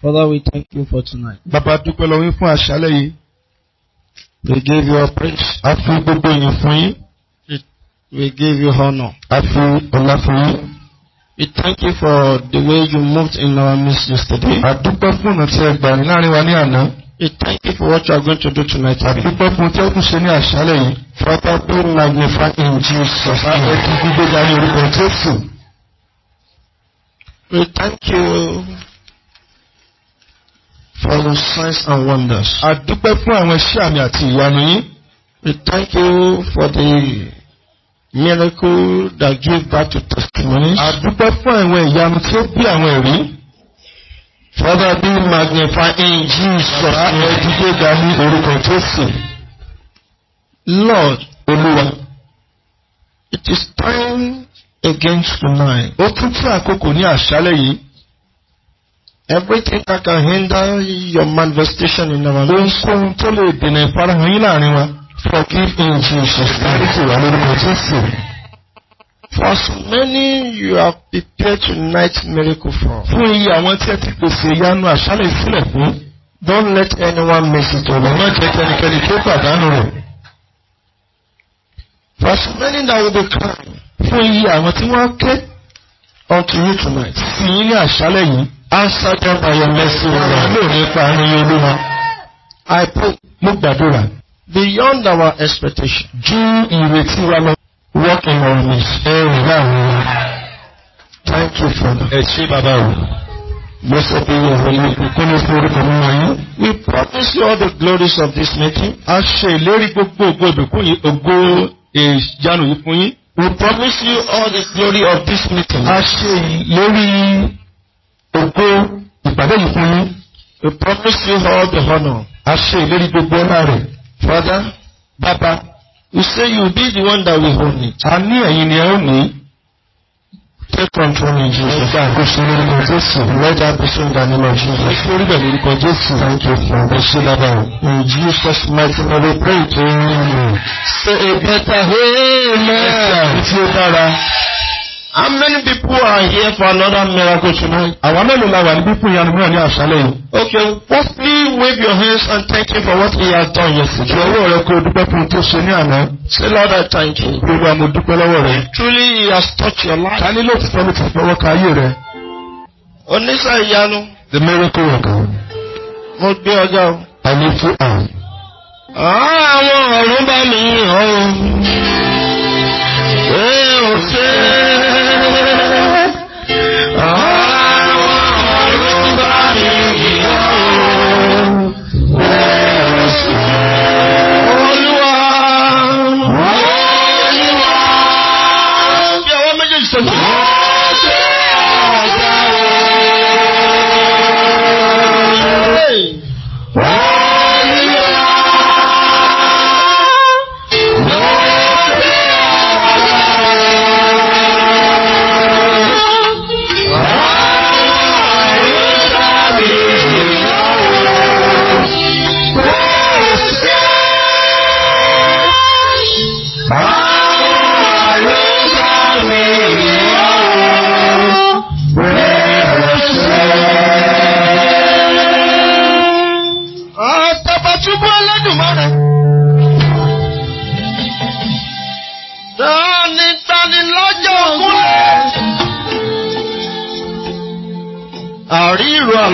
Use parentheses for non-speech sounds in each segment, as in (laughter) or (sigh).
Father, we thank you for tonight. Bàbá dúpẹ́ lọ́wọ́ yín fún àṣálẹ́ yìí. We give you praise. A fi gbogbo yìí fún yín. We give you honor. A fi ọlá fún yín. We thank you for the way you moved in our midst yesterday. A dúpẹ́ fún ọ̀nà tí ẹ gbà láàrin wa ní àná. We thank you for what you are going to do tonight. A dúpẹ́ fún tí ó kún ṣe ní àṣálẹ́ yìí. Father, be magnified in Jesus. Bàbá kí gbígbé ga ní orúkọ Jésù. We thank you for your signs and wonders. A dúpẹ́ fún àwọn iṣẹ́ àmì àti ìyanu yín. We thank you for the miracle that gave birth to testimonies. A dúpẹ́ fún àwọn ìyanu tí ó bí àwọn ẹ̀rí. Father be magnified in Jesus. Bàbá ẹ̀dúgbò ga ní orúkọ Jésù. Lord Olúwa. It is time against tonight. Ó tún tún àkókò ní àṣálẹ́ yìí everything that can hinder your manifestation in our lives. ohunkóhun tó lè dènà ìfarahàn yín láàrin wa. forgive in Jesus name. lórúkọ Jésù. For as many you have prepared tonight's miracle for. fún iye àwọn tí ẹ ti pèsè ìyanu àṣálẹ̀ sílẹ̀ fún. don't let anyone miss it. ọ̀rọ̀ náà jẹ́ kẹ́nikẹ́ni tó pàdánù rẹ̀. For as many that will be crying. fún iye àwọn tí wọ́n ké unto you tonight. sì yín ní àṣálẹ̀ yìí. Answer them by your mercy, O Lord. Lóòrè pa àárín olúwa. I pray. Mo gbàdúrà. Beyond our expectation. Ju ìrètí wa lọ. Work in our midst. Ẹ rìn láàrin wa. Thank you, Father. Ẹ ṣé bàbá o. Blessed be your holy name. Kúnlé fún orúkọ mímọ́ yín. We promise you all the glories of this meeting. A ṣe ìlérí gbogbo ògo ìbùkún yìí ògo ìjánu fún yín. We promise you all the glory of this meeting. A ṣe ìlérí ògo ìpàdé yìí fún yín. we promise you all the honour. a ṣe ìlérí gbogbo ọlá rẹ̀. father baba you say you be the one that we hold it. a ní ẹ̀yin ni ẹ ó ní. take control in Jesus. Ẹja àkóso lórúkọ Jésù. Lord have mercy on the name of Jesus. Ẹ̀fọ́ orí bẹ̀rẹ̀ lórúkọ Jésù. Thank you for the ṣe lábàá. In Jesus mighty name we pray to you. Say a better amen. Ẹ̀ka tí ó dára. How many people are here for another miracle tonight? Àwọn mélòó wà níbí fún ìyanu mìíràn ní àṣálẹ̀ yìí? Okay, firstly wave your hands and thank him for what he has done yesterday. Ṣé owó rẹ dúpẹ́ fún tó ṣe ní àná? Say Lord I thank you. Olúwa mo dúpẹ́ lọ́wọ́ rẹ. Truly he has touched your life. Ta ló ti fẹ́ ló ti fọwọ́ ka ayé rẹ? Oníṣẹ́ ìyanu. The miracle worker. Mo gbé ọjà o. Àlefu àwọn. Ah, àwọn ọ̀run bá mi yìn ọ́ Oh usted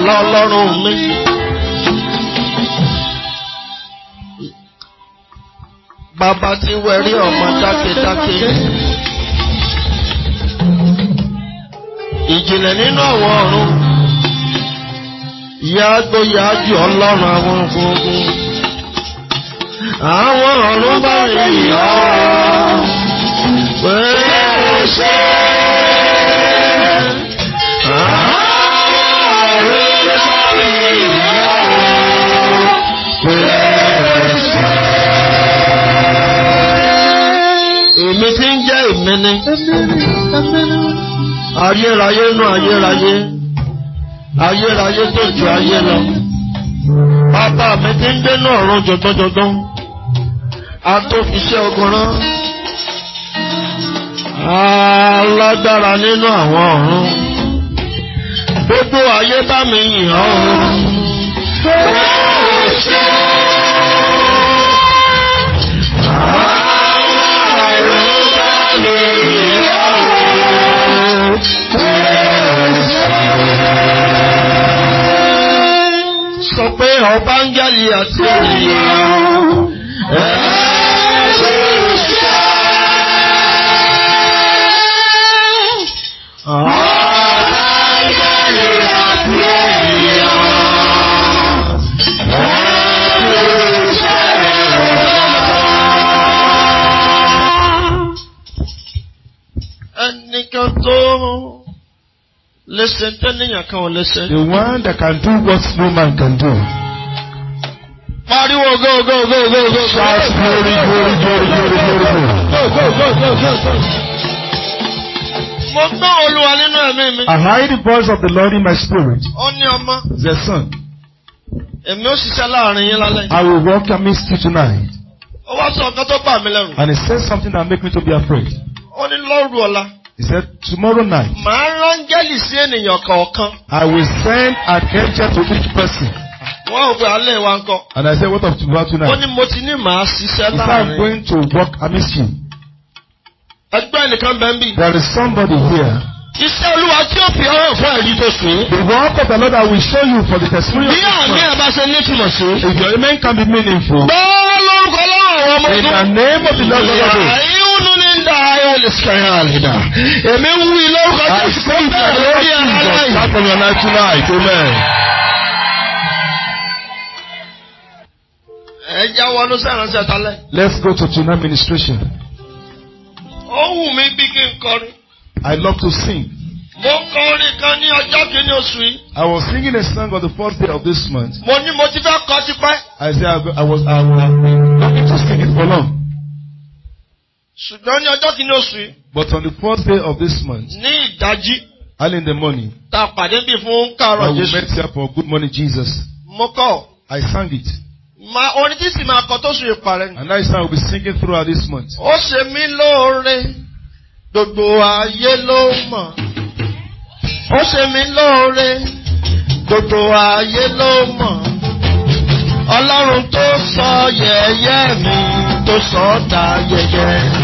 lọ́lọ́run mi. Bàbá tí wẹ̀rí ọmọ dákedáke. Ìjìnlẹ̀ nínú àwọn ọ̀run. Yáágbó yáájú ọlọ́run àwọn ogun ogun. Àwọn ọ̀run bá rí ìyá. Pé kò ṣe é. èmi ni ayérayé nù ayérayé ayérayé tó ju ayé lọ bàbá mi ti ń dénú ọ̀run jọ̀gbọ́njọ̀gbọ́n atófiṣẹ́ ọkùnrin alágbára nínú àwọn ọ̀run gbogbo ayé bá mi yìn ọ́. Ó ṣe é. Sọ pé ọba ń gẹ́lì àti ènìyàn. Listen, tell me you can The one that can do what no man can do. Pariwo go go go go go. Shout glory glory glory glory glory. Go go go go go go. Mo gbọ́ Olúwa nínú ẹ̀mí mi. I heard the voice of the Lord in my spirit. The son. Èmi ó ṣiṣẹ́ láàrin yín lálẹ́. I will work amidst you tonight. Ó wá sọ nǹkan tó bà mí lẹ́rù. And he said something that make me to be afraid. Ó ní lọ́rù ọ̀la. He said, tomorrow night. Màá rán áńgẹ́lì sí ènìyàn kọ̀ọ̀kan. I will send an angel to each person. Wọ́n ò gbé alẹ́ wa ńkọ́. And I said, what of tomorrow night? Ó ní mo ti ní màá ṣiṣẹ́ láàrin. If I'm going to work amidst you. Ẹgbẹ́ nìkan bẹ́ẹ̀ bí. There is somebody here. Iṣẹ́ Olúwa tí ó fi ọ̀rọ̀ fún ẹ̀rí tó sùn. The work of the Lord I will show you for the testimony of God. Bí àmì ẹ̀ ní ìtumọ̀ sí. If your amen can be meaningful. Gbọ́ọ́ lórúkọ lọ́rùn ọmọ ọdún. In the name of the Lord God. Ìyá ìhùn ni dáhàyà lè sàyà àlìdá. Èmi ń wí lórúkọ Jésù kó bẹ́ẹ̀ lórí aláì. Sápẹ̀lú ọ̀nà Tuna àìtó mẹ́rin. Ẹ jáwọ́ ọdún sẹ́ran Let's go to Tuna ministration. Ó wù mí bí kí n kọrin. I love to sing. Mo kọrin kan ní ọjọ́ kìíní oṣù yìí. I was singing a song on the fourth day of this month. Mo ní mo ti fẹ́ kọ́ tipẹ́. I said I was I was looking to sing it for long ṣùgbọ́n ní ọjọ́ kìíní oṣù yìí. but on the fourth day of this month. ní ìdájí. early in the morning. ta pàdé bí fún káàárọ̀ Jésù. I will meet here for good morning Jesus. mo kọ. I sang it. Ma orin tí sì máa kọ tó sùn ìparẹ́ And that is how we will be singing throughout this month. Ó ṣe mí lóore, gbogbo ayé ló mọ̀. Ó ṣe mí lóore, gbogbo ayé ló mọ̀. Ọlọ́run tó sọ yẹ̀yẹ́ mi tó sọ ọ́ dà yẹ̀yẹ́.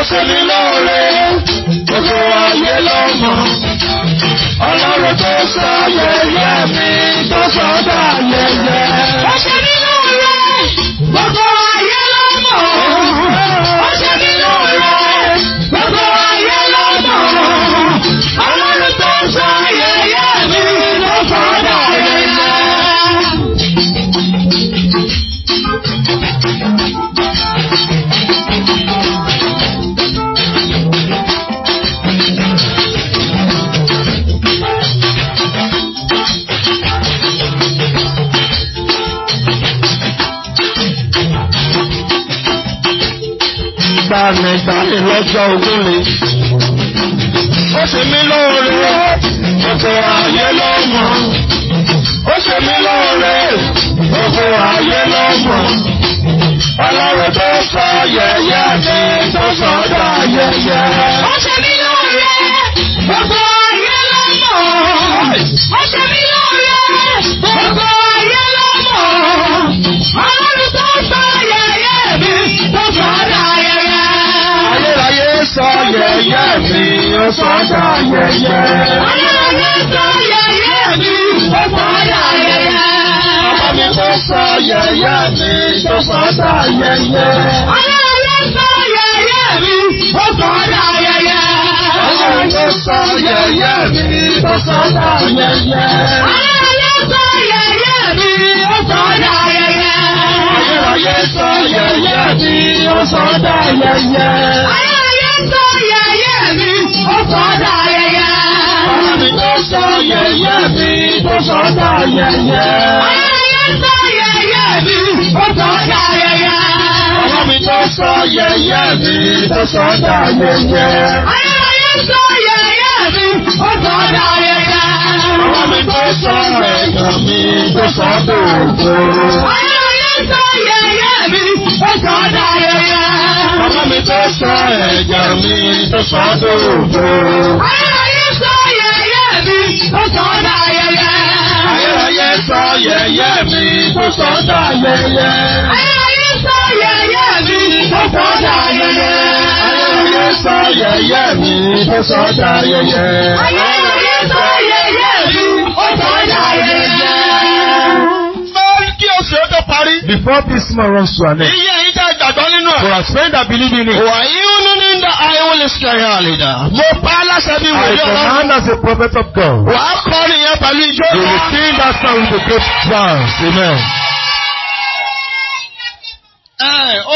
ó ṣe ní lóore gbogbo ayé ló mọ̀ ọlọ́run tó sọ yẹyẹ mi tó sọ dà yẹyẹ. ògùn mi. Ó ṣe mí lóore, ọ̀pọ̀ ayé ló mọ̀. Ó ṣe mí lóore, ọ̀pọ̀ ayé ló mọ̀. Ọlọ́run tó sọ yẹ̀yẹ́ mi tó sọ dá yẹ̀yẹ́. sọ́dọ̀ ayẹyẹ. Ọlọ́run tó yẹyẹ mi tó sọ́dọ̀ ayẹyẹ. Bàbá mi tó sọ yẹyẹ mi tó sọ́dọ̀ ayẹyẹ. Ọlọ́run tó yẹyẹ mi tó sọ́dọ̀ ayẹyẹ. Ọlọ́run tó sọ yẹyẹ mi tó sọ́dọ̀ ayẹyẹ. Ọlọ́run tó yẹyẹ mi tó sọ́dọ̀ ayẹyẹ. Ayẹyẹ sọ yẹyẹ mi tó sọ́dọ̀ ayẹyẹ. Ayẹyẹ sọ yẹyẹ sọ́dà yẹyẹ. Bàbá mi tó sọ yẹyẹ mi tó sọ́dà yẹyẹ. Ayẹyẹ sọ yẹyẹ mi tó sọ́dà yẹyẹ. Bàbá mi tó sọ yẹyẹ mi tó sọ́dà yẹyẹ. Ayẹyẹ sọ yẹyẹ mi tó sọ́dà yẹyẹ. Bàbá mi tó sọ yẹyẹ mi tó sọ́dà yẹyẹ. Ayẹyẹ sọ yẹyẹ mi tó sọ́dà yẹyẹ sọ dáyẹyẹ. Bàbá mi tó sọ ẹ̀jẹ̀ mi tó sọ dòdò. Ayẹyẹ sọ yẹyẹ mi tó sọ dáyẹyẹ. Ayẹyẹ sọ yẹyẹ mi tó sọ dáyẹyẹ. Ayẹyẹ sọ yẹyẹ mi tó sọ dáyẹyẹ. Ayẹyẹ sọ yẹyẹ mi tó sọ dáyẹyẹ. Ayẹyẹ sọ yẹyẹ mi tó sọ dáyẹyẹ. Bẹ́ẹ̀ni kí oṣù yẹn tó parí. Before this man runs to an end. Iye For as men that believe in him. Wà yíyún nínú ìdá àìwọlé ṣẹ̀yà àlèdà. Mo pa á láṣẹ bí wòlíì ọlọ́run. I command as a prophet of God. Wà á kọ́ nìyẹn pẹ̀lú ìjọba. They will sing that song with a great sound. Amen.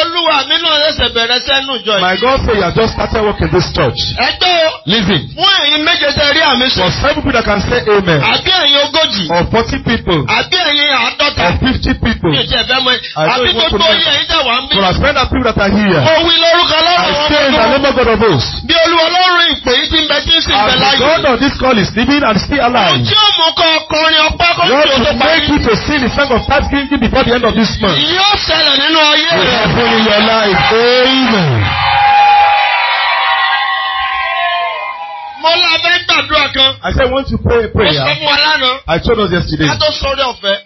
Olúwa mi náà ṣẹ̀ṣẹ̀ bẹ̀rẹ̀ sẹ́nu jọ My God say you have just started working this church. Ẹgbẹ́ o. Living. Fún ẹ̀yin méje tẹ rí àmì sùn. For seven people that can say amen. Àbí ẹ̀yin ogójì. Or forty people. Àbí ẹ̀yin àádọ́ta. Or fifty people. Mi ò tiẹ̀ fẹ́ mọ ẹ̀. Àbí gbogbo yẹn ẹ̀yin tẹ̀ wá ń bí. For as many people that are here. Mo wí lórúkọ lọ́wọ́ wọn. I say in the name of God of hosts. Bí Olúwa lọ́rùn ìpè yìí ti ń bẹ tí ń sìn bẹ láyé. As the God of this call is living and still alive. Ojú òmù kan ọkùnrin ọpá kan tó parí. God will make you to see the song of thanksgiving before the end of this month. Yóò ṣẹlẹ̀ nínú ayé will happen in your life. Amen. I said I want to pray a prayer. I told us yesterday. Ká tó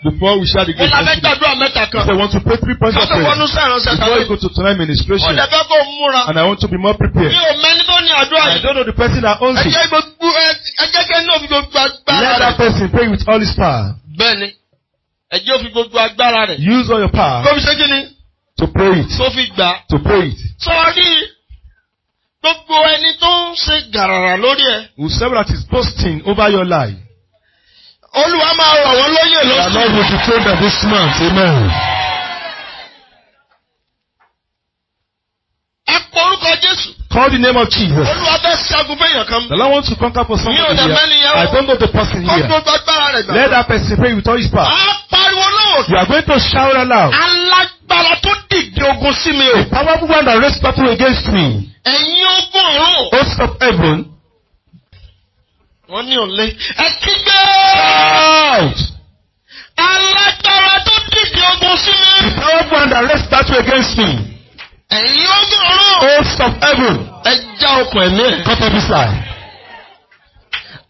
Before we share the gospel. I said I want to pray three points of prayer. Ká Before you go to tonight ministration. And I want to be more prepared. I don't know the person that owns it. Ẹ jẹ́ gbogbo ẹ jẹ́ Let that person pray with all his power. Use all your power to pray it. tó fi gbà. to pray it. sọrí gbogbo ẹni tó ń ṣe gàràrà lórí ẹ. whosoever that is boasting over your life. olúwa máa rọ̀ wọ́n lóyè lóṣù. the lord will be betray them this month amen. ẹ pe orúkọ jésù. Call the name of Jesus. The Lord wants to conquer for somebody here. I don't know the person here. Let that person pray with all his power. You are going to shout aloud. Alágbára tó dìde ogun sí mi o. Powerful one that raised battle against me. Ẹ̀yin ogun ọ̀run. Host of heaven. Wọ́n ní òun lé. Ẹ kígbe. Shout. Alágbára tó dìde ogun sí mi. Powerful one that raised battle against me. Ẹ̀yin ọjọ́ ọ̀rọ̀. Hosts of heaven. Ẹ já okùn ẹ̀mí ẹ̀. Cut off his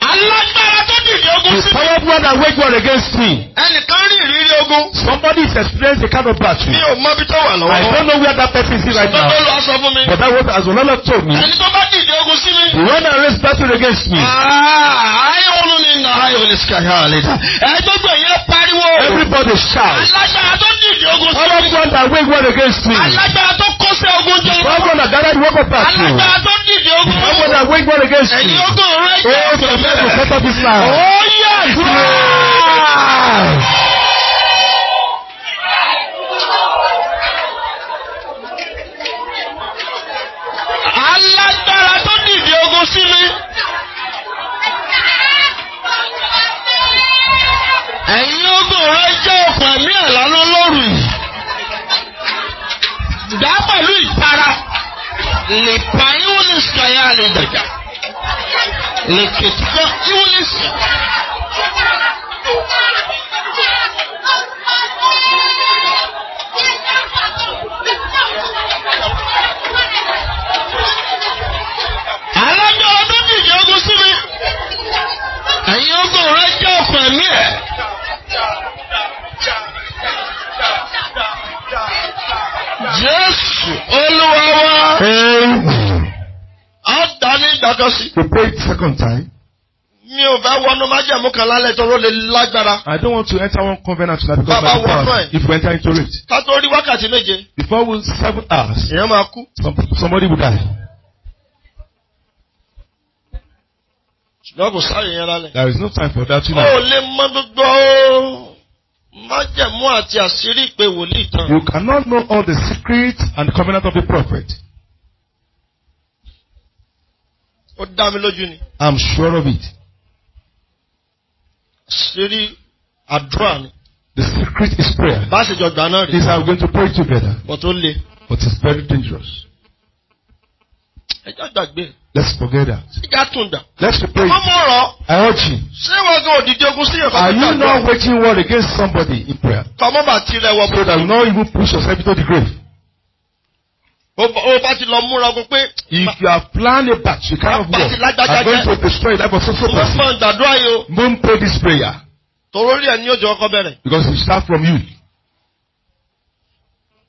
alágbára tó dìde ogun sí the powerful one that wage war against me. ẹnìkan rí ìrírí ogun. somebody is experiencing a kind of battle. mi ò mọ ibi tó wà lọ́wọ́. I don't know where that person is right now. ṣùgbọ́n olùwà sọ fún mi. but that was as ololo told me. ẹni tó bá dìde ogun sí mi. the one that raised battle against me. Ah, ayé olú ni nà ayé olú sika yà lẹ́dà. ẹgbẹ́gbẹ́ yẹn pariwo. everybody shout. alágbára tó dìde ogun sí mi. powerful one that wage war against me. alágbára tó kó ogun jẹ. powerful one that gathered work of battle. alágbára tó dìde ogun. powerful one that wage war against me. ẹ̀yin set to set up Islam. Oh yes! Yeah. alágbára tó dìde ogun sí mi. ẹ̀yin ogun rẹ jẹ́ okùn ẹ̀mí les chrétiens illicites. alájọ ọdún kìí ogun sí mi ẹ̀yin ogun rẹ jẹ́ ọ̀pọ̀ ẹ̀mí ẹ̀. jésù olúwa wa. second time. Mi ò bá wọnú májẹ̀mú kan lálẹ́ tó ló lágbára. I don't want to enter one covenant tonight because my power if we enter into it. Ká tó rí wákàtí méje. Before we seven hours. Èèyàn máa kú. Somebody will die. Ṣùgbọ́n kò sáyé yẹn lálẹ́. There is no time for that tonight. O lè mọ gbogbo májẹ̀mú àti àṣírí ìpè wòlíì tán. You cannot know all the secrets and the covenant of the prophet. ó dá mi lójú ni. I'm sure of it. àṣírí àdúrà ni. The secret is prayer. bá a ṣe jọ gbà náà rí. He I'm going to pray together. but ó le. but it's very dangerous. ẹ jẹ́ Let's forget that. Let's pray. I urge you. Are you not waging war against somebody in prayer? So that you not even push yourself into the grave o bá ti lọ múra ogun pé. if you have planned a batch you can't work i'm going to destroy the life of so so person. mo ń gbàdúrà yìí o. mo ń pray this prayer. torí ẹ ní òjò ọkọ bẹ̀rẹ̀. because it start from you.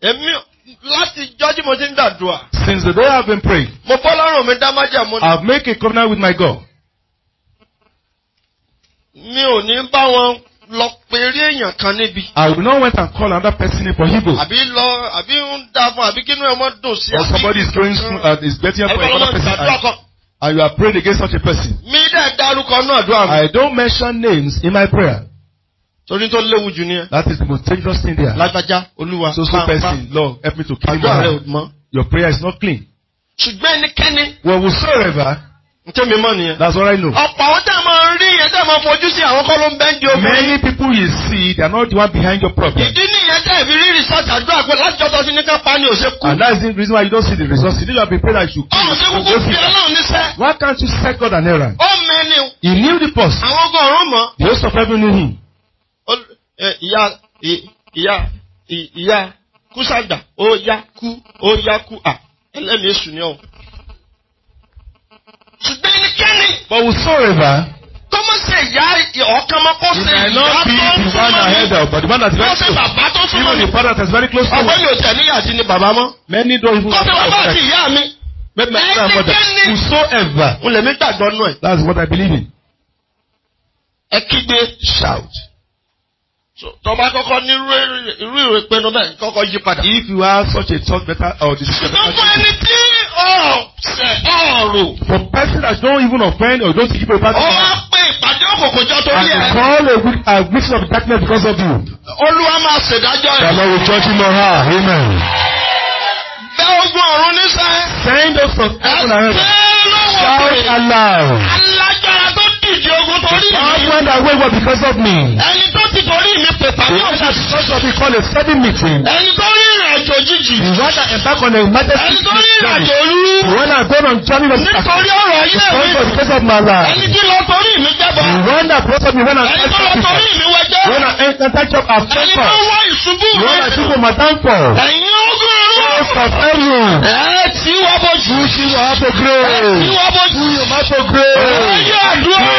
èmi láti jọ́jú mo ti ń gbàdúrà. since the day i have been praying. mo bọ́ lọ́rùn mi dá májàmú. i have make a covenant with my God. mi ò ní bá wọn lọ pèrè èèyàn kan níbi. I will not went and call another person for evil. Àbí lọ àbí ń dá fún àbí kínú ẹ̀ mọ́ dùn sí. Or somebody is going through and uh, is betting for another person. I, and you are praying against such a person. Mi dẹ̀ dárúkọ náà dùn àmì. I don't mention names in my prayer. Torí tó léwu jù nìyẹn. That is the most dangerous thing there. Lágbájá Olúwa. So so person Lord help me to clean my heart. Your prayer is not clean. Ṣùgbọ́n ẹnikẹ́ni. Where whosoever. Ntẹ́ mi mọ̀ nìyẹn. That's what I know. Ọ̀pọ̀ àwọn tẹ́ ẹ máa ń rí yẹn tẹ́ máa fojú sí àwọn kọ́ ló ń bẹ́ńdì obìnrin. Many people you see they are not the one behind your problem. Ìdí nìyẹn tẹ́ ẹ rí resource àdúrà pé láti jọ́tọ̀ sí ní ká ni ò ṣe kú. And that is the reason why you don't see the resource. You need to be that you should. Ọ̀hún ṣe kúkú fi Ọlọ́run níṣẹ́. Why can't you set God an error? Ó mẹ́ni. He knew the post. Àwọn ọgọ́ ọ̀run mọ̀. The host of heaven knew him. Ìyá ìyá ìyá kúsàgbà ó yá kú ó yá kú à ẹlẹ́mìí ṣùgbọ́n ẹnikẹ́ni. but whosoever. tó máa ṣe ìyá ọ̀kan máa kó ṣe ìyá tó ń súnmọ́ but the man that is very close. kó ṣe bàbá tó even the father that is very close to me. ọ̀gbẹ́ni òjẹ̀ ní ìyá àti ní bàbá mọ́. many don't even. kó ṣe bàbá àti ìyá mi. make my father and mother whosoever. n lè mi gbàgbọ́ nù ẹ̀. that's what I believe in. ẹ kígbe shout tọba kọ́kọ́ ní irú ìpinnu bẹ́ẹ̀ kọ́kọ́ yí padà. if you have such a thought better or decision. ṣùgbọ́n fún ẹni tí ọ̀sẹ̀ ọ̀rù. for person that don't even offend or don't give a person. ó wá pé ìpàdé òkòkò torí ẹ. and call a week a week of darkness because of you. olúwa máa ṣèdájọ́ ẹ̀. bàbá òjò tí mo hà amen. bẹ ogun ọ̀run níṣẹ́. send us from heaven and earth. ẹ ṣe lọ́wọ́ pé. shout aloud. tó ìdí ogun torí mi. God went away well because of me. Ẹni tó ti torí mi pèpà ní ọ̀la. The first of me call a sudden meeting. Ẹni tó rí ìrìnàjò jìjì. The one that embark on a emergency journey. Ẹni tó rí ìrìnàjò olú. The one that go on journey of. Nítorí ọ̀rọ̀ ayé mi. The one because of my life. Ẹni tí lọ torí mi jẹ́bọ. The one that brought me when I enter church. Ẹni tó lọ torí mi wẹjẹ. The one that enter church as pastor. Ẹni tó wá ìṣubú mi. The one that people ma thank for. Ẹ̀yin ogún irú. Yes, of everyone. Ẹ tí wọ́n bójú. Ẹ tí wọ́n bójú. Ẹ tí wọ́n bójú. Ẹ tí wọ́n bójú. Ẹ yẹ àdúrà.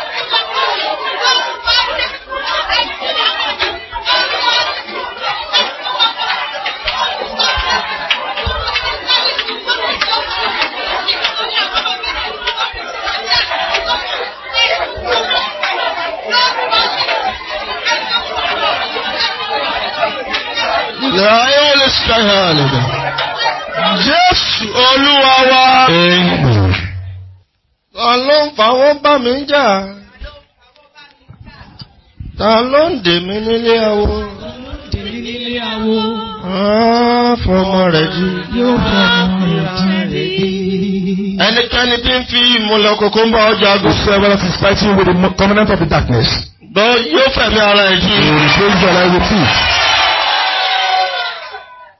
Israel Israel. Jésù Olúwa wa. Ta ló ń fa wọ́n bá mi jà? Ta ló ń dè mí nílé awo? Fọmọ rẹ̀ jí. Yóò fọmọ rẹ̀ jí. Ẹnikẹ́ni tí ń fi ìmúlẹ̀ kókó ń bá ọjà agùn. Several suspecting with the covenant of the darkness. Gbọ́ yóò fẹ̀mí ara ẹ̀ jí. Yóò fẹ̀mí ara ẹ̀ jí.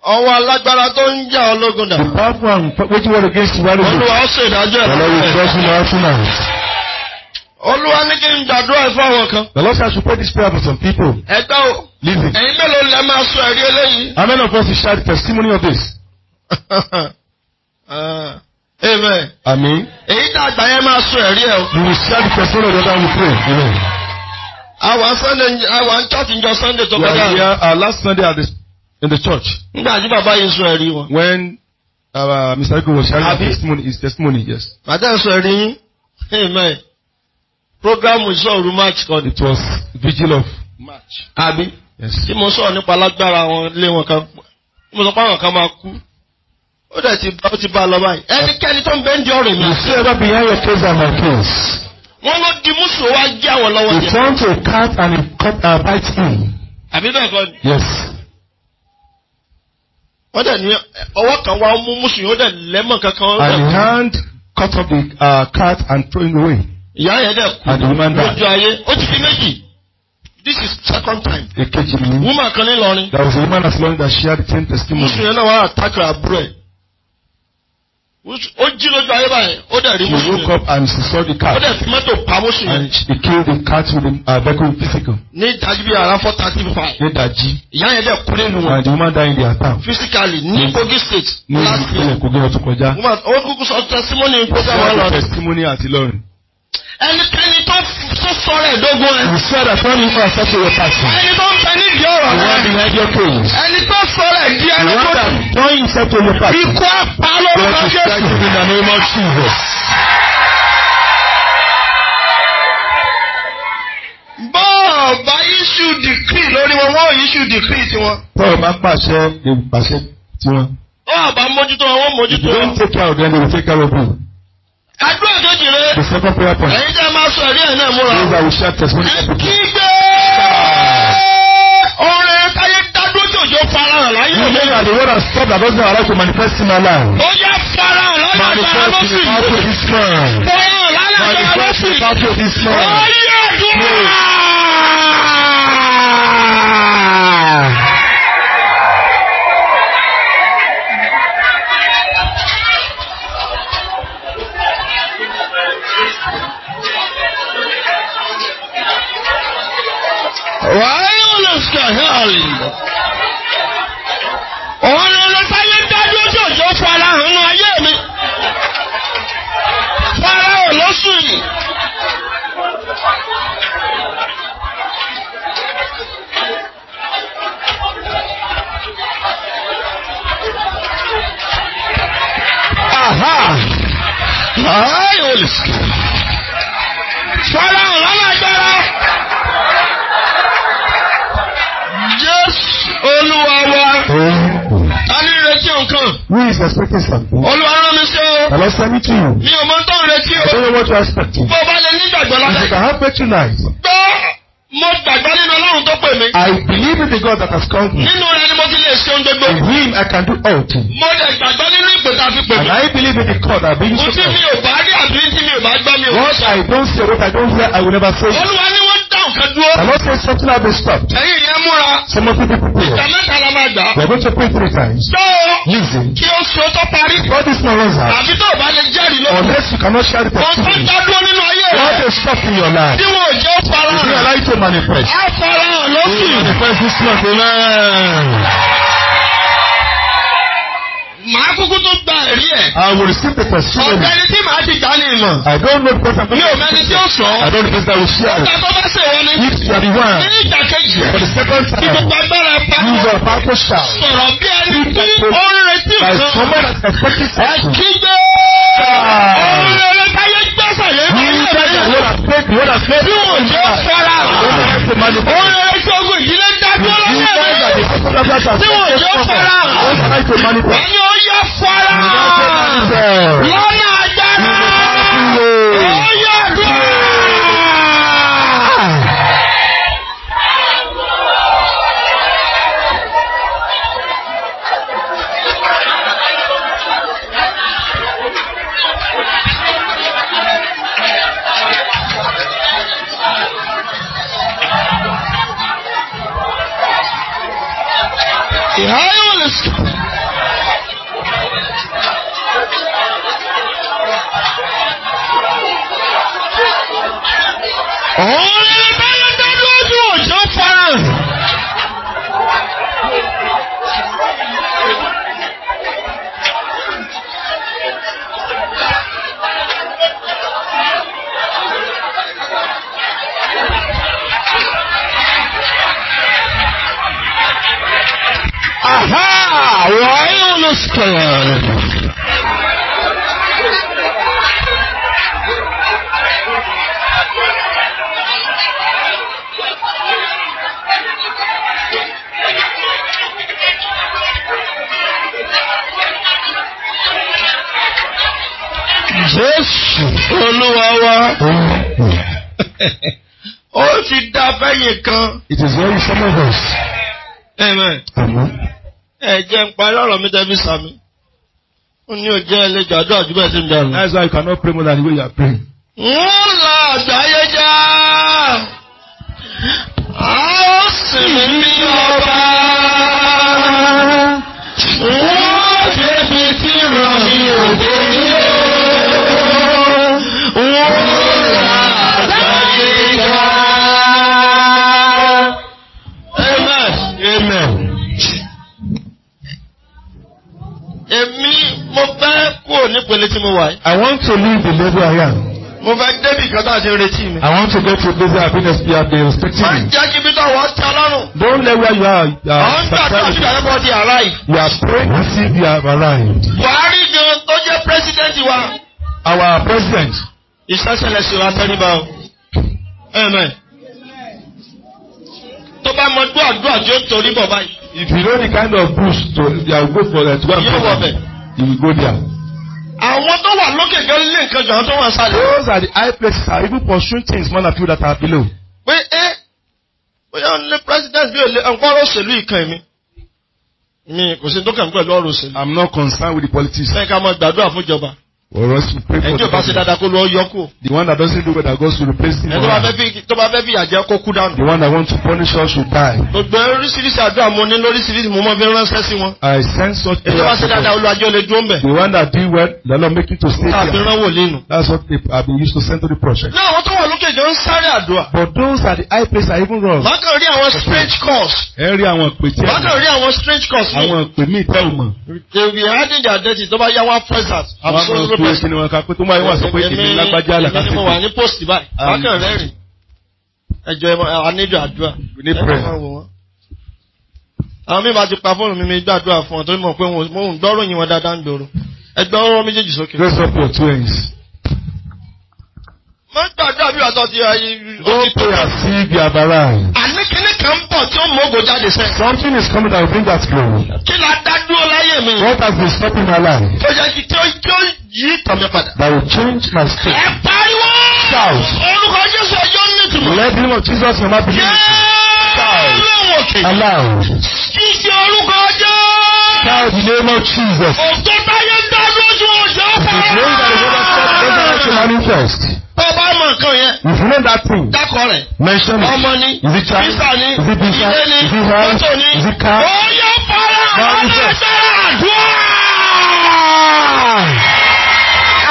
Ọwọ́ alágbára tó ń jà ológun dà. The powerful and which word against the world. Olúwa ó ṣe ìdájọ́ ẹ̀ lọ́wọ́. Ọlọ́run ìgbọ́sùn máa fún àwọn. Olúwa ní kí n gbàdúrà fún àwọn kan. The Lord has prepared this prayer for some people. Ẹgbẹ́ o. Living. Ẹ̀yin mélòó lẹ máa sọ ẹ̀rí eléyìí? How many of us share the testimony of this? (laughs) Eh, amen. Àmín. Èyí tá àgbà yẹn máa sọ ẹ̀rí ẹ̀ o. You will share the testimony of the other we pray. Amen. Our Sunday, our church in your Sunday to gather. We are here uh, last Sunday at the in the church. Nígbà tí bàbá yìí sọ ẹ̀rí wọn. When uh, Mr. Eko was sharing his testimony, his testimony, yes. Bàtà sọ ẹ̀rí yín. Amen. Program ìṣòro March kan. It was vigil of March. Àbí. Yes. Tí mo sọ̀rọ̀ nípa lágbára wọn lé wọn kan. Mo sọ pé àwọn kan máa kú. Ó dẹ̀ ti bá ó ti bá a lọ báyìí. Ẹnikẹ́ni tó ń bẹ́ ń di ọ̀rọ̀ mi. You see ever behind your case and my case. Wọ́n ló di Mùsùlùmí wá jẹ́ àwọn lọ́wọ́ jẹ. He turned to a cat and he cut her uh, bite in. Àbí bẹ́ẹ̀ kọ́ ni. Yes ó dẹ̀ ní ọwọ́ kan wá mú mùsùlùmí ó dẹ̀ lẹ́mọ̀ kankan. and the hand cut off the uh, cat and throw it away. ìyá yẹn dẹ̀ kú lójú ayé ó ti fi méjì this is second time. èkejì ni. woman kan ní Ìlọrin. there was a woman as long as she had the same testimony. mùsùlùmí náà wà á takra àbúrò ó jí lójú ayé báyìí ó dẹ̀ rí mọ́tò. he woke up and she saw the cat. ó dẹ̀ fi mọ́tò pa mọ́tò and he killed the cat with a uh, vehicle physical. ní ìdájí bíi ara four thirty five. ní ìdájí. ìyá yẹn dẹ̀ kú nínú wọn. and the woman died in their town. physically ní Kogi state. ní ìpínlẹ̀ Kogi ọ̀tún kọjá. ó kúkú sọ testimony program ọlọrin. testimony àti lọrin ẹnikẹ́ni tó sọ rẹ̀ dógún ẹ. you said that when you are such a way person. ẹni tó ń bẹ nídìí ọ̀rọ̀ rẹ̀. the one behind your cage. ẹni tó sọ rẹ̀ ẹni tó. the one that born you such a way person. ikú apá ló ń bá jésù. God is thank in the name of Jesus. bọ́ọ̀bá yíṣu dìkírì lórí wọn wọ́n yíṣu dìkírì tiwọn. bọ́ọ̀bá pàṣẹ ni pàṣẹ tiwọn. bọ́ọ̀bá mójútó wọn wọ́n mójútó wọn. you don't take care of them they will take care of you. Àdúrà tó jìnnà. The second prayer point. Ẹ̀yin tí a máa sọ ẹ̀rí náà múra. These are we share testimony. Ẹ kí gbé orin táyé dádúró tí òjò fara hàn láyé. You may are the one that stop that doesn't allow to manifest in our life. Ó yá fara hàn lọ́yọ̀ àgbà lọ́sì. Manifest in the of His man. Fara hàn lọ́yọ̀ àgbà lọ́sì. of this man. Ó yẹ dúró. Hallelujah Who is expecting something? Olúwarán mi ṣe o. The send me to you. Mi ò mọ tó ń retí o. I don't know what you are expecting. Bó o bá lè ní ìgbàgbọ́ lálẹ́. If you can have faith tonight. Gbọ́ mo gbàgbọ́ nínú Ọlọ́run tó pè mí. I believe in the God that has called me. Nínú rẹ̀ ni mo ti lè ṣe ohun gbogbo. In him I can do all things. Mo lè gbàgbọ́ nínú ìpè tá a fi pè mí. And I believe in the God that brings me. Mo ti mi ò bá rí àbí tí mi ò bá gbọ́ mi ò. What I don't say, what I don't hear, I will never say. Olúwa ni wọ́n dáhùn kan dúró. The Lord says something has been stopped. Ẹ̀yin ìyẹn múra. Some of you people pray. Ìgbà mẹ́ta la máa gbà. We are going to pray three times. So Listen. Kí oṣù tó parí. God is my answer. Àfi tó o bá lè jẹ́rìí lóko. Unless you cannot share the person. Kò tó dádúró nínú ayé rẹ̀. What is stopping your life? Tí wọn jẹ́ fara You dey allow to manifest. Á fara hàn lókè. Manifest this month. Amen. Màá kúkú tó gba ẹ̀rí ẹ̀. I will receive the testimony. Ọ̀gbẹ́ni tí màá ti dání ìmọ̀. I don't know the person. Mi ò mẹni tí ó sọ. I don't know the person that will share it. Ọ̀gá tó bá ṣe wọn ni. If you are the one. Ní ìjà kejì. For the second time. Kí gbogbo agbára pa. Use your powerful shout. Sọ̀rọ̀ bí ẹni tí ó ń retí nǹkan. By someone that expected something. Ẹ kígbe. Orin eré táyé gbẹ́sẹ̀ lé. Ní ah. ìjà ìjà ló rà pé ìwọ́n rà pé. Bí òun yóò fara hàn. Orin eré tí ogun ìdílé dá dúró lọ́sẹ̀ tí wọn yóò fara ẹni ó yọ fara lọ́nà. Oh! sọ̀rọ̀ rẹ̀. Jésù olúwa wa. Ó ti dá fẹ́yìn kan. It is very famous. Amen. Amen ẹ jẹ́ ń parí ọ̀rọ̀ mi tẹ́ fi sàmì. ó ní òjẹ́ ẹlẹ́jọ́ àdó àdúgbò ẹ̀sìn bẹ̀rù. that's why you cannot pray more than the way you are praying. ń la àgbáyé já a ó sì mí ọba. wọ́n débi tí ràn mí òde yẹn. Èmi mo fẹ́ kúrò nípele tí mo wà I want to leave the level I am. Mo fẹ́ débi kan tá a ti retí mi. I want to go to a place I have been expecting. Má jẹ́ kí bí táwọn ti alárùn. Don't let where you are. Àwọn gbà tí a ti gbàgbé bọ́ di alive. You are praying to see you are alive. Buhari gan tó jẹ́ president wa. Our president. Ìṣẹ́ṣẹlẹ̀ sí wa tẹ́lẹ̀ bá o. Amen tó bá mọ gbọ́ àdúrà tí ó torí bọ̀ báyìí. if you know the kind of bush to their go for that one person you go there. àwọn tó wà lókè gan lé nǹkan jọ àwọn tó wà sálẹ̀. those are the high places are even pursuing things more than few that are below. pé ẹ eh, bóyá ń lé president bí olè ọgbọ́rọ̀ òṣèlú ìkan mi mi kò sí tó kàn pẹ̀lú ọ̀rọ̀ òṣèlú. i'm not concerned with the politics. ẹ ká mọ gbàdúrà fún ìjọba. Or else pray for the person. The one that doesn't do well that goes to replace him. Ẹni tó bá fẹ́ The one that wants to punish us should die. Gbogbo oríṣiríṣi àdúrà mo ní lóríṣiríṣi mo fi ránṣẹ́ sí wọn. I send such prayers. Ẹni tó bá ṣe dáadáa olùwàjọ́ lè dúró mbẹ̀. The one that do well lọ́lọ́ make it to stay there. Tàbí rán wò That's what they been used to send to the project. Ní àwọn tó wà ìjọ ń sáré àdúrà. but those are the high places I even wrong. bákan rí àwọn strange calls. ẹ rí àwọn pè tí a mọ̀. bákan rí àwọn strange calls. àwọn pè mí tẹ́ ò mọ̀. èmi hiding their dirty tó bá yá wá present. àwọn ọmọ ìpínlẹ̀ kí ni wọn ká pé tó máa ń wà sọ pé èmi lágbájá làkàtì. èmi mo wà ní post báyìí. bákan um, rẹ̀ rìn ẹjọ ẹ máa níjọ àdúrà ẹ máa wò wọn. àwọn míì bá ti pa fóònù mi mi gbàdúrà fún ọ torí mọ̀ pé mo ń gbọ́ròyìn wọn dáadáa ń gbòòrò ẹgbẹ́ ọwọ́ méjèèjì sókè. raise up your two hands. Má gbàdúrà bí wàá sọ ti ayé. Eh, Don't pray as if you are alive. Àní kíní kan bọ̀ tí ó mú ògùn jáde sẹ́. Something is coming that will bring that glory. Kí la dá dúró láyé mi? What has been stopping my life? Tó yẹ kí tí ó yí tàn mí padà. That will change my state. Ẹ pariwo. Shout. Orúkọ Jésù ọjọ́ ní ìtumọ̀. Let the name of Jesus your mouth be. Yéé. Shout. Ọlọ́run òkè. Allow. Ṣíṣe orúkọ Jésù. Shout the name of Jesus. Ògo táyé ń dá lójú ọjọ́ fara. The name that is over set is over to manifest. If you know that thing. Dákọ̀ rẹ̀. Mention it. Ọmọ ni. Is it child? Is it visa? Is it house? Mọ́tò ni. Is it car? Ó yọ fara. Manifest. Ọlọ́dẹ àdúrà.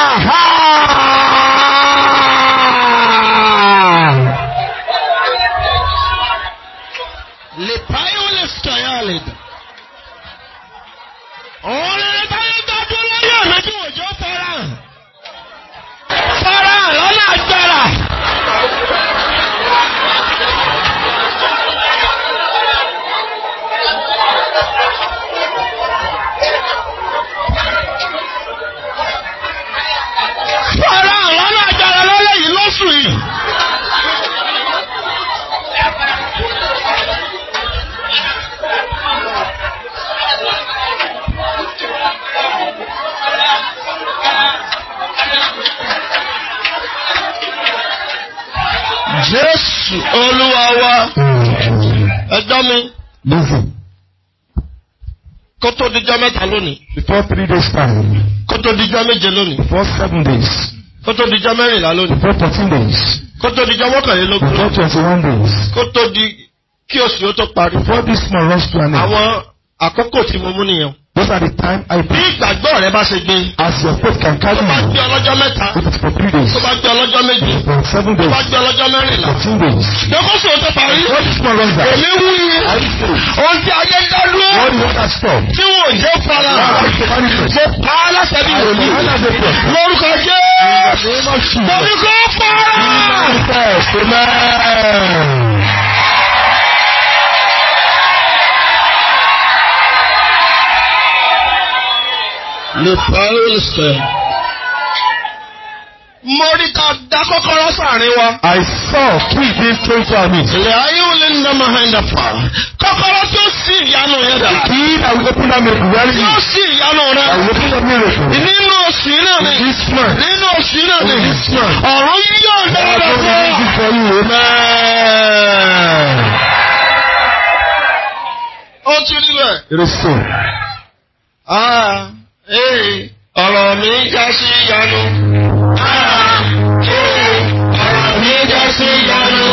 Aha. jésù yìí. jésù olúwa wa ẹjọ́ mi. kó dijọ́ mẹ́ta lónìí. before three days time. kó tó dijọ́ méje lónìí. before seven days. Kó tó dijọ́ mẹ́rìnlá lónìí. Before thirteen days. Kó tó dijọ́ mọ́kànlélógún. Before twenty-one days. Kó di kí oṣù yóò tó parí. Before this month runs to an end. Àwọn àkókò tí mo mú nìyẹn. Those are the time I pray. Bí ìgbàgbọ́ rẹ bá ṣe gbé. As your faith can carry you. Tó bá gbé ọlọ́jọ́ mẹ́ta. It is for three days. Tó bá gbé ọlọ́jọ́ méje. For seven days. Tó bá gbé ọlọ́jọ́ mẹ́rìnlá. For two days. Yọkọ sọ̀rọ̀ tó parí. What is my longer? Èmi wú yìí. I say. Ohun tí ayé dá dúró. What is stop? Tí wò jẹ́ fara. Mo pa á lásẹ̀ bí wòlíì. Lórúkọ jẹ́. Mo ní kó fara. Amen. ní Paul square. Mo rí ta da kọ́kọ́rọ́ sàárín wa. I saw three big twenty armies. Ilé ayé ò lè nà máa hàn dà pa. Kọ́kọ́rọ́ tó sí ìyanu yẹn dà. Kì í àwọn open army rẹ̀ yìí. Yóò sí ìyanu rẹ̀. Àwọn open army rẹ̀ fún mi. Nínú oṣù náà ni. This man. Nínú oṣù náà ni. This man. Ọ̀run yóò dára fún wa. Ọ̀run yóò dára fún wa. Ó ti rí bẹ́ẹ̀. It is Ah ọ̀rọ̀ mi já sí ìyanu. ọ̀rọ̀ mi já sí ìyanu.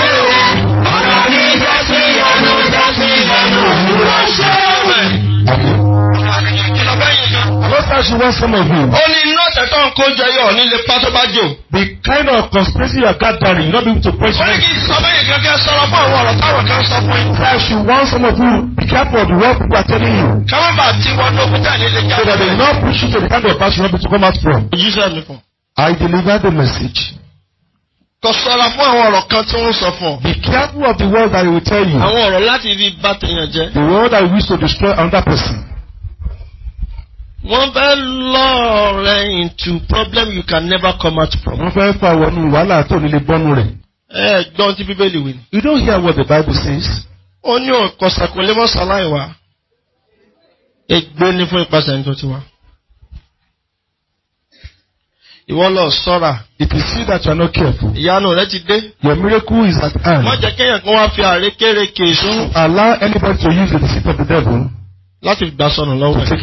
ọ̀rọ̀ mi já sí ìyanu já sí ìyanu òwúrọ̀ ṣẹ́wẹ̀. Lọ́sàáṣí wá sọ́mọ̀ fún un. Ó ní ẹsẹ̀ tó ń kó jẹ nílé pátó the kind of conspiracy you are gathering you no be able to question. wọ́n ní kí n sọ bẹ́ẹ̀ kan sọ̀rọ̀ fún àwọn ọ̀rọ̀ táwọn kan sọ fún yín. I should warn some of you be careful of the word people are telling you. káwọn bá ti wọnú òkúta nílé jáde. so that they not push you to the kind of pass you no be to come out from. ojú sọ mi fún. I deliver the message. Kò sọ̀rọ̀ fún àwọn ọ̀rọ̀ kan tí wọ́n sọ fún Be careful of the word that he will tell you. Àwọn ọ̀rọ̀ láti ibi bá tèèyàn jẹ́. The word that will to destroy another person wọ́n fẹ́ lọ rẹ into problem you can never come out from. wọ́n fẹ́ fà wọnú wàhálà tó nílé bọ́nu rẹ̀. ẹ gbọ́n tí bíbélì wí. you don't hear what the bible says. ó ní ọ̀kọ̀ sàkólémọ̀ sàláì wa ègbé ní fún ìpasẹ̀ nítorí tiwa. Ìwọ lọ sọ́ra. It is you that you are not careful. Ìyanu rẹ ti dé. Your miracle is at hand. Má jẹ́ kéèyàn kan wá fi àrékérekè sún. Allow anybody to use the deceit of the devil láti gba sọnù lọ́wọ́ rẹ̀.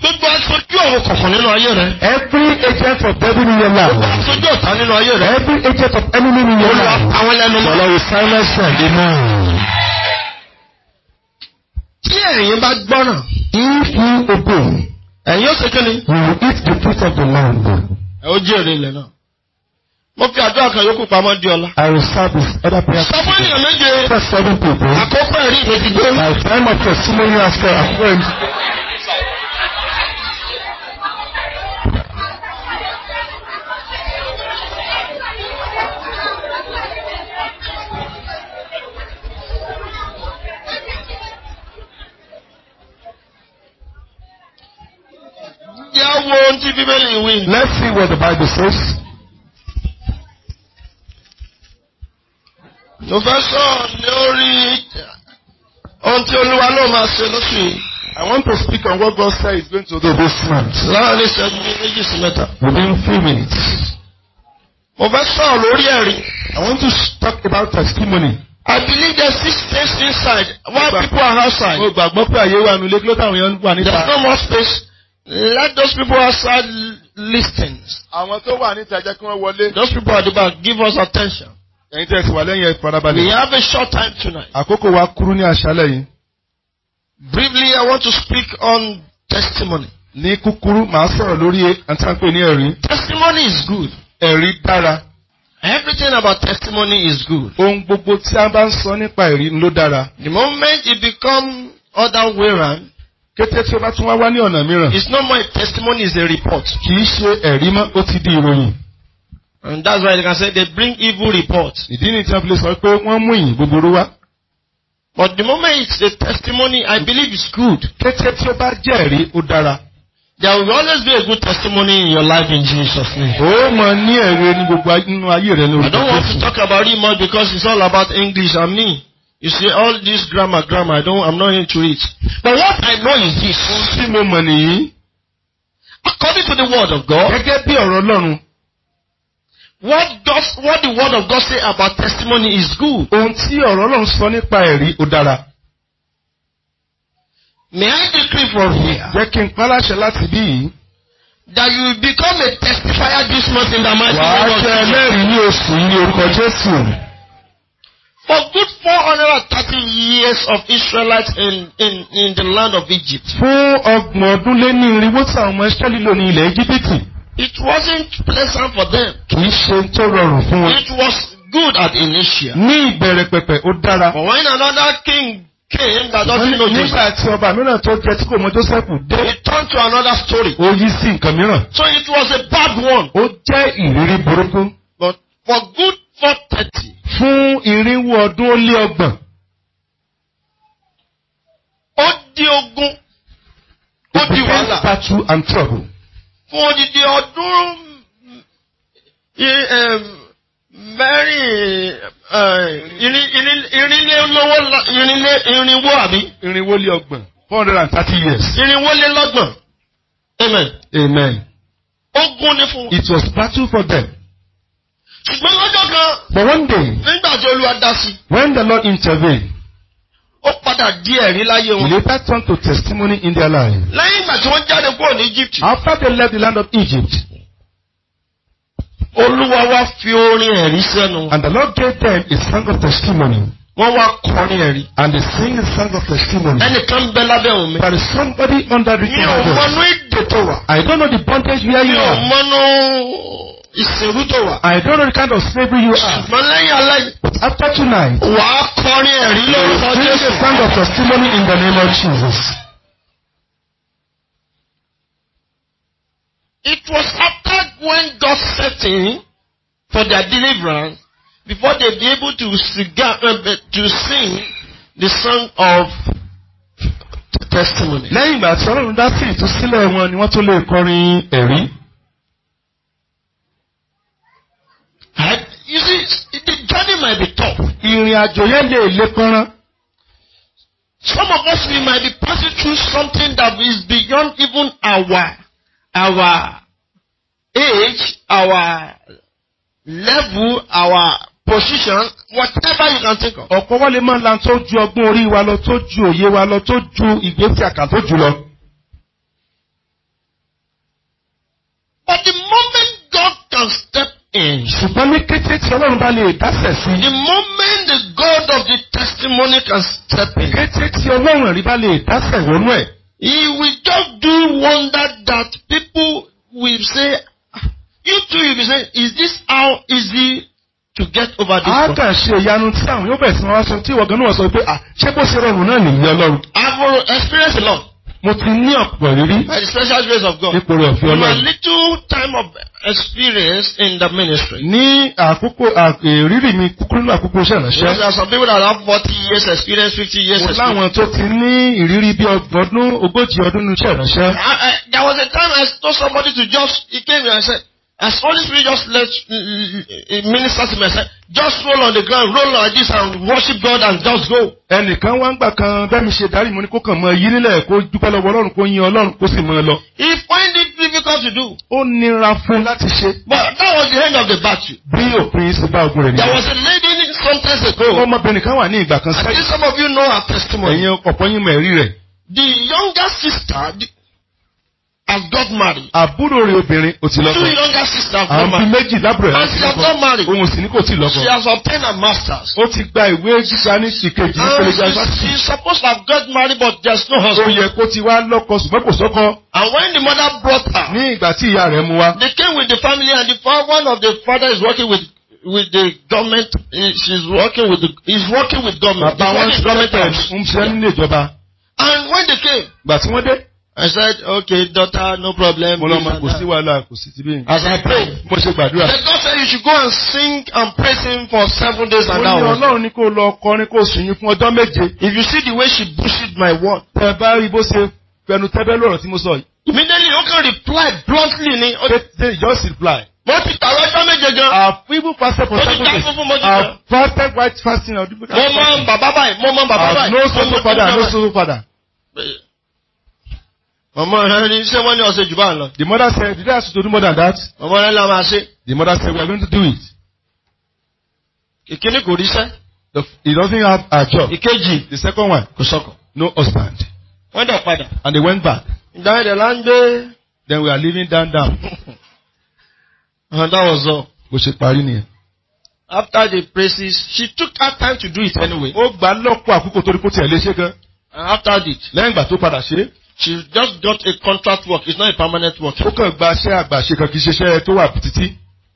gbogbo aṣojú ọ̀rọ̀ kọ̀ọ̀kan nínú ayé rẹ̀. every agent of devil in your gbogbo aṣojú ọ̀tá nínú ayé rẹ̀. every agent of enemy in your life. olùwà àwọn ẹlẹ́nu mọ́. ọlọ́run silence ẹ̀ nínú. tí ẹ̀yin bá gbọ́ràn. if you obey. ẹ̀yin ó ṣe kí ni. you will eat the fruit of the land. ẹ̀ ó jẹ́ èrè ilẹ̀ náà mo fi àdúrà kan yòókù pamọ́ di ọ̀la. I will serve with other prayer. Sọ fún ènìyàn méje. For seven people. Àkókò ẹ̀rí mi ti My time of testimony has come. Àkókò ẹ̀rí mi ti ohun tí Bíbélì wí. Let's see what the Bible says. mo fẹ́ sọ̀rọ̀ lórí ohun tí olúwa náà máa ṣe lóṣù yìí. I want to speak on what God said is going to do this month. Láàárín ìṣẹ́jú méjì sí mẹ́ta. Within few minutes. Mo fẹ́ sọ̀rọ̀ lórí ẹ̀rí. I want to talk about testimony. I believe there are six space inside while people are outside. Mo gbàgbọ́ pé àyè wà nílé kí ló táwọn èèyàn wà níta. There is no more space. Let those people outside listen. Àwọn tó wà níta jẹ́ kí wọ́n wọlé. Those people at the back give us attention ẹ̀yin tẹ́ ẹ sì wà lẹ́yìn ẹ farabalẹ̀. we have a short time tonight. àkókò wa kúrú ní àṣálẹ́ yìí. briefly I want to speak on testimony. ní kúkúrú màá sọ̀rọ̀ lórí e, àtàǹpẹ̀ ní ẹ̀rí. testimony is good. ẹ̀rí dára. Everything about testimony is good. Ohun gbogbo tí a bá ń sọ nípa ẹ̀rí ló dára. The moment you become other way round. Kété tí o bá tún wá wá ní ọ̀nà mìíràn. It's no more a testimony, it's a report. Kì í ṣe ẹ̀rí mọ́, ó ti di ìròyìn. And that's why they can say they bring evil reports. Ìdí ni tí a sọ pé wọ́n mú ìyìn búburú wá. But the moment it's a testimony, I believe it's good. Kété tí ó bá jẹ́rìí, ó dára. There will always be a good testimony in your life in Jesus' name. Ó mọ ní èrè ní gbogbo inú ayé rẹ lórí. I don't want to talk about it much because it's all about English and me. You see all this grammar grammar I don't I'm not into it. But what I know is this. Ohun tí mọ̀ nìyí. According to the word of God. Gẹ́gẹ́ bí ọ̀rọ̀ Ọlọ́run. What does what the word of God say about testimony is good. Ohun tí ọ̀rọ̀ Ọlọ́run sọ nípa ẹ̀rí ó dára. May I decree from here? Jẹ́ kí n paláṣẹ láti bí yìí. That you will become a testifier this month in the mighty name of Jesus. Wàá jẹ́ ẹlẹ́rìí ní oṣù yìí orúkọ Jésù. For good four hundred and thirty years of Israelites in, in, in the land of Egypt. Fún ọgbọ̀n ọdún lé ní irinwó tí ọmọ Ísírẹ́lì lò ní ilẹ̀ Íjíbítì. It wasn't pleasant for them. Kì í ṣe tó rọrùn fún wọn. It was good at initial. Ní ìbẹ̀rẹ̀ pẹ̀pẹ̀ ó dára. But when another king came that doesn't know Joseph. Nígbà tí ọba mìíràn tó jẹ tí kò mọ Joseph dé. He turned to another story. Ó yí sí nǹkan mìíràn. So it was a bad one. Ó jẹ́ ìrírí burúkú. But for good for thirty. Fún irínwó ọdún ó lé ọgbọ̀n. Ó di ogun. Ó di wàhálà. It became battle and trouble fún odidi ọdún mẹ́rin eh, irinwó àbí. irinwó lé ọgbọ̀n four hundred and thirty years. irinwó lé lọ́gbọ̀n. amen. amen. ogun ni fún. it was battle for them. ṣùgbọ́n lọ́jọ́ kan. but one day. nígbà tí Olúwa dá sí. when the Lord intervened ó padà di ẹ̀rí láyé wọn. later turned to testimony in their life. lẹ́yìn ìgbà tí wọ́n jáde kúrò ní Egypt. after they left the land of Egypt. Olúwa wá fi orin ẹ̀rí sẹ́nu. and the Lord gave them a song of testimony. Wọ́n wá kọrin ẹ̀rí. And they sing a song of testimony. Ẹnìkan bẹ lábẹ́ omi. There is somebody under the cover. Mi ò mọnú ìdètò wa. I don't know the bondage where you are. Mi ò mọnú ìsìnkú tó wà. I don't know the kind of slavery you are. ṣùgbọ́n lẹ́yìn alẹ́ yìí. But after tonight. wà á kọrin ẹ̀rí lórúkọ Jésù. bring a sound of testimony in the name of Jesus. It was after when God set in for their deliverance before they be able to sing, uh, to sing the song of testimony. lẹ́yìn ìgbà tí ọlọ́run dá sí ìtúsílẹ̀ wọn ni wọ́n tó lè kọrin ẹ̀rí. you see, the journey might be tough. Ìrìn àjò yẹn lè le pọ́nrán. Some of us we might be passing through something that is beyond even our our age, our level, our position, whatever you can think of. Ọ̀pọ̀ wọ́n lè máa lan tó ju ọgbọ́n orí wa lọ, tó ju òye wa lọ, tó ju ìgbésí àkàtó jù lọ. But the moment God can step in. Ṣùgbọ́n ní kété tí Ọlọ́run bá lè The moment the God of the testimony can step in. Kété tí Ọlọ́run ẹ̀rí bá lè dásẹ̀ He will just do wonder that people will say, ah, you too you be say, is this how easy to get over this problem? A kàn ṣe ìyanu tí àwọn yóò bẹ̀rẹ̀ sí wọn wá tí ìwọ gan-an wọ̀ sọ pé ah, ṣé bó ṣe rọrùn náà nìyí Ọlọ́run. I have experienced a lot. Mo ti ní ọ̀pọ̀ rírí. By the special grace of God. Nípòrò ọ̀fẹ́ Ọlọ́run. my little time of experience in the ministry. Ní àkókò ìrírí mi kúkúrú ní àkókò iṣẹ́ ìránṣẹ́. there are some people that have forty years experience fifty years experience. Mo láwọn tó ti ní ìrírí bí ọdún ogójì ọdún ní iṣẹ́ ìránṣẹ́. There was a time I told somebody to just he came here and said. As Holy Spirit just let minister to me say, just roll on the ground, roll like this and worship God and just go. Ẹnìkan wá ń gbà kan bẹ́ẹ̀ mi ṣe darí mo ní kó kàn mọ yí nílẹ̀ kó dúpẹ́ lọ́wọ́ Ọlọ́run kó yin Ọlọ́run kó sì mọ ẹ lọ. He find it difficult to do. Ó nira fún láti ṣe. But that was the end of the battle. Bí òpin ṣe bá ogun rẹ̀ nìyẹn. There was a lady some times ago. Ọmọbìnrin kan wà ní ìgbà kan sẹ́yìn. I think some of you know her testimony. Ẹ̀yin ọ̀pọ̀ yín mọ̀ ẹ̀rí rẹ̀. The younger sister, the has got married. àbúrò rẹ̀ obìnrin ó ti lọ́kọ. two younger sisters got married. àwọn bíi méjì lábúrò rẹ̀. and she has married. òun sì ní kò tí ì she has obtained her masters. ó ti gba ìwé gíga ní ìkejì ní pẹ̀lú gíga. she is supposed to have got married but there is no husband. ó yẹ kó ti wá lọ́kọ ṣùgbọ́n kò sọ́kọ. and when the mother brought her. ní ìgbà tí ìyá rẹ̀ mú wá. they came with the family and the one of the father is working with with the government she's working with the he's working with government. bàbá wọn ṣe government. ń ṣe nílé ìjọba. and when they came. gbà tí wọ́n dé. I said, okay, daughter, no problem. Mo lọ ma kò sí wàhálà kò sí ti bí. As I pray. Mo ṣe gbàdúrà. The God said you should go and sing and praise him for seven days and hours. Mo ní Ọlọ́run ní kó lọ kọrin kó sùn yín fún ọjọ́ méje. If you see the way she bullshit my word. Tẹ bá rí bó ṣe fẹnu tẹ́bẹ́ lọ́rọ̀ tí mo sọ yìí. Immediately o kan reply bluntly ni. Ṣé just reply? Mo ti tàwọn ọjọ́ méje gan. Àfíìbù pàṣẹ for seven days. Mo ti dá fún mo ti tà. Àfáṣẹ́ white fasting ọdún. Mo mọ bàbá báyìí, mo mọ bàbá báyìí. No so so father, no so so father. Mama rẹ ni ṣé wọ́n ní ọ̀sẹ̀ jù bá lọ? The mother said, did I ask to do more than that? Mama rẹ la máa ṣe. The mother said, we are going to do it. Ìkíní kò ríṣẹ́. He doesn't have a job. Ìkejì. The second one. Kò sọkọ. No husband. Wọ́n dẹ̀ padà. And they went back. Ìdáhùn ìdẹ̀ la ń gbé. Then we are living down down. And that was all. ṣe parí nìyẹn. After the praises, she took her time to do it anyway. Ó gbà lọ́pọ̀ àkókò torí kó tiẹ̀ lé ṣe gan. after that. Lẹ́yìn ìgbà tó padà ṣe She just got a contract work. It's not a permanent work. Ó kàn gba iṣẹ́ àgbàṣe kan kì í ṣe iṣẹ́ tó wà títí.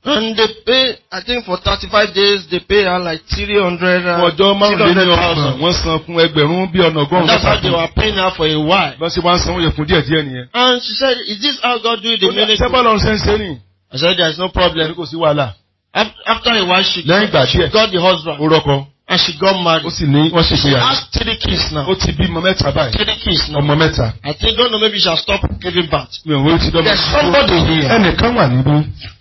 And they pay, I think for thirty-five days, they pay her like three hundred. Ọjọ́ márùnlélọ́gbọ̀n wọ́n san fún ẹgbẹ̀rún bí ọ̀nà ọgọ́rùn-ún. That's how they were paying her for a while. Bọ́n ṣe wá sanwó yẹn fún díẹ̀ díẹ̀ nìyẹn. And she said, is this how God do the ministry?" Ṣé bọ́lá ọ̀sẹ̀ ń ṣe ni? I said there is no problem. Kò sí wàhálà. After a while she, she got the husband and she got married. ó sì ní wọ́n ṣe ìgbéyàwó. she has three kids now. ó ti bí ọmọ mẹ́ta báyìí. three kids now. ọmọ mẹ́ta. I think God know maybe she has stopped giving birth. mi ò wọ́n ti dọ́mọ. there somebody here. ẹnìkan wà níbí.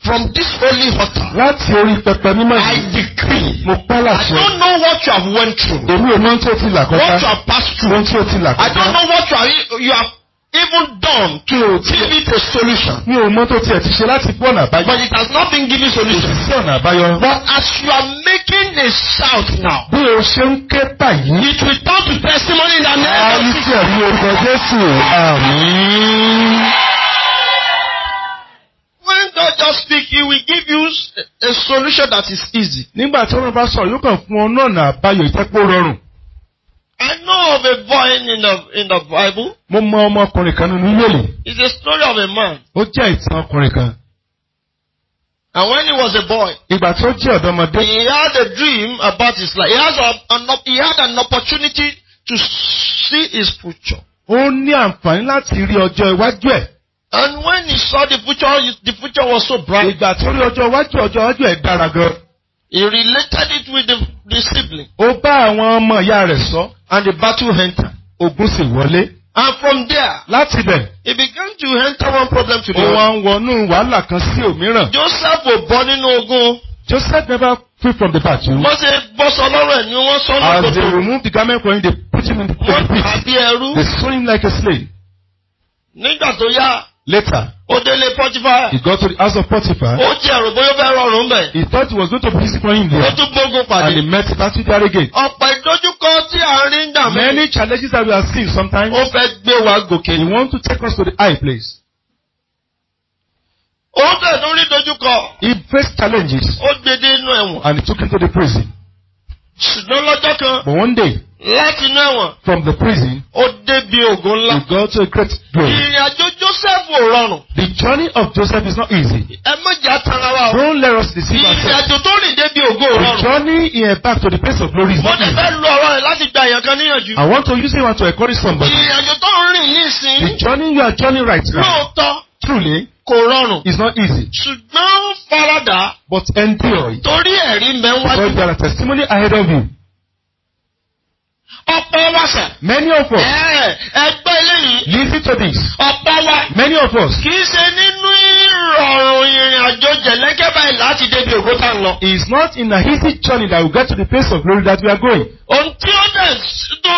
from this holy altar. láti orí pẹpẹ mímọ́ yìí. I decree. mo pálá sí. I don't know what you have went through. èmi ò mọ̀ ohun tí o ti là kọjá. what you have passed through. ohun tí o ti là kọjá. I don't know what you have you have even done to give it a solution. Mi ò mọ tó tiẹ̀ ti ṣe láti gbọ́ ọ̀nà àbáyọ. But it has not been given solution. Kò sí ọ̀nà But as you are making a shout now. Bí o ṣe ń ké báyìí. It will turn to testimony in the name of Jesus. Ayé ẹ̀rí orúkọ Jésù, àmín. When God just speak, he will give you a solution that is easy. Nígbà tí wọ́n bá sọ̀rọ̀, yóò kàn fún ọ náà àbáyọ ìtẹ́pọ̀ rọrùn. I know of a boy in the in the Bible. Mo mọ ọmọkùnrin kan nínú Bíbélì. It's a story of a man. Ó jẹ́ ìtàn ọkùnrin kan. And when he was a boy. Ìgbà tí ó jẹ́ ọ̀dọ́mọdé. He had a dream about his life. He has a, an he had an opportunity to see his future. Ó ní àǹfààní láti rí ọjọ́ iwájú ẹ̀. And when he saw the future, the future was so bright. Ìgbà tó rí ọjọ́ iwájú ọjọ́ iwájú ẹ̀ dára gan-an. He related it with the, the sibling. Ó bá àwọn ọmọ ìyá rẹ̀ sọ. And the battle enter. Ogun sì wọlé. And from there. Láti bẹ̀. He began to enter one problem to the other. Ó wá ń wọnú wàhálà kan sí òmíràn. Joseph ò bọ́ nínú ogun. Joseph never free from the battle. Wọ́n ṣe bọ́sọ lọ́rọ̀ ẹ̀ ni wọ́n sọ ní As they remove the garment from him, they put him in the pit. Wọ́n tàbí ẹrú. They sold him like a slave. Nígbà tó yá. Later. Ó délé Potiphar. He got to the house of Potiphar. Ó jẹ́ ẹ̀rù fẹ́ rọrùn bẹ̀. He thought he was going to be for him there. Ó tún gbógun pàdé. And he met Tasidare again. Ọ̀pọ̀ ìdojúkọ tí a rí ń dà mí. Many challenges that we have seen sometimes. Ó fẹ́ gbé wa gòkè. He want to take us to the high place. Ó fẹ́ lórí dojúkọ. He faced challenges. Ó gbé dé inú ẹ̀wọ̀n. And he took him to the prison ṣùgbọ́n lọ́jọ́ kan. but one day. láti inú ẹ̀wọ̀n. from the prison. ó débi ògo ńlá. he got to a great glory. ìrìnàjò Joseph ò rọrùn. the journey of Joseph is not easy. ẹ méjì atara wa o. don't let us deceive ourselves. ìrìnàjò tó rìn débi ògo ò rọrùn. the journey in back to the place of glory is not easy. mo dẹ̀ fẹ́ lo ọ̀rọ̀ rẹ̀ láti gba èèyàn kan níyànjú. I want to use it to encourage somebody. ìrìnàjò tó ń rìn nísìnyí. the journey you are journey right now. lóòótọ́. Truly, kò rọrùn. It's not easy. Ṣùgbọ́n farada. But endure it. Torí ẹ̀rí mẹ́wàá. Because there are testimony ahead of you. Ọ̀pọ̀ wa sẹ̀. Many of us. Ẹ ẹgbẹ́ eléyìí. Listen to this. Ọ̀pọ̀ wa. Many of us. Kì í ṣe nínú yìí rọrùn ìrìn àjò jẹ̀lẹ́kẹ́ báyìí láti débi ògo tá à ń lọ. It's not in a easy journey that we get to the place of glory that we are going. Ohun tí ó dẹ̀ tó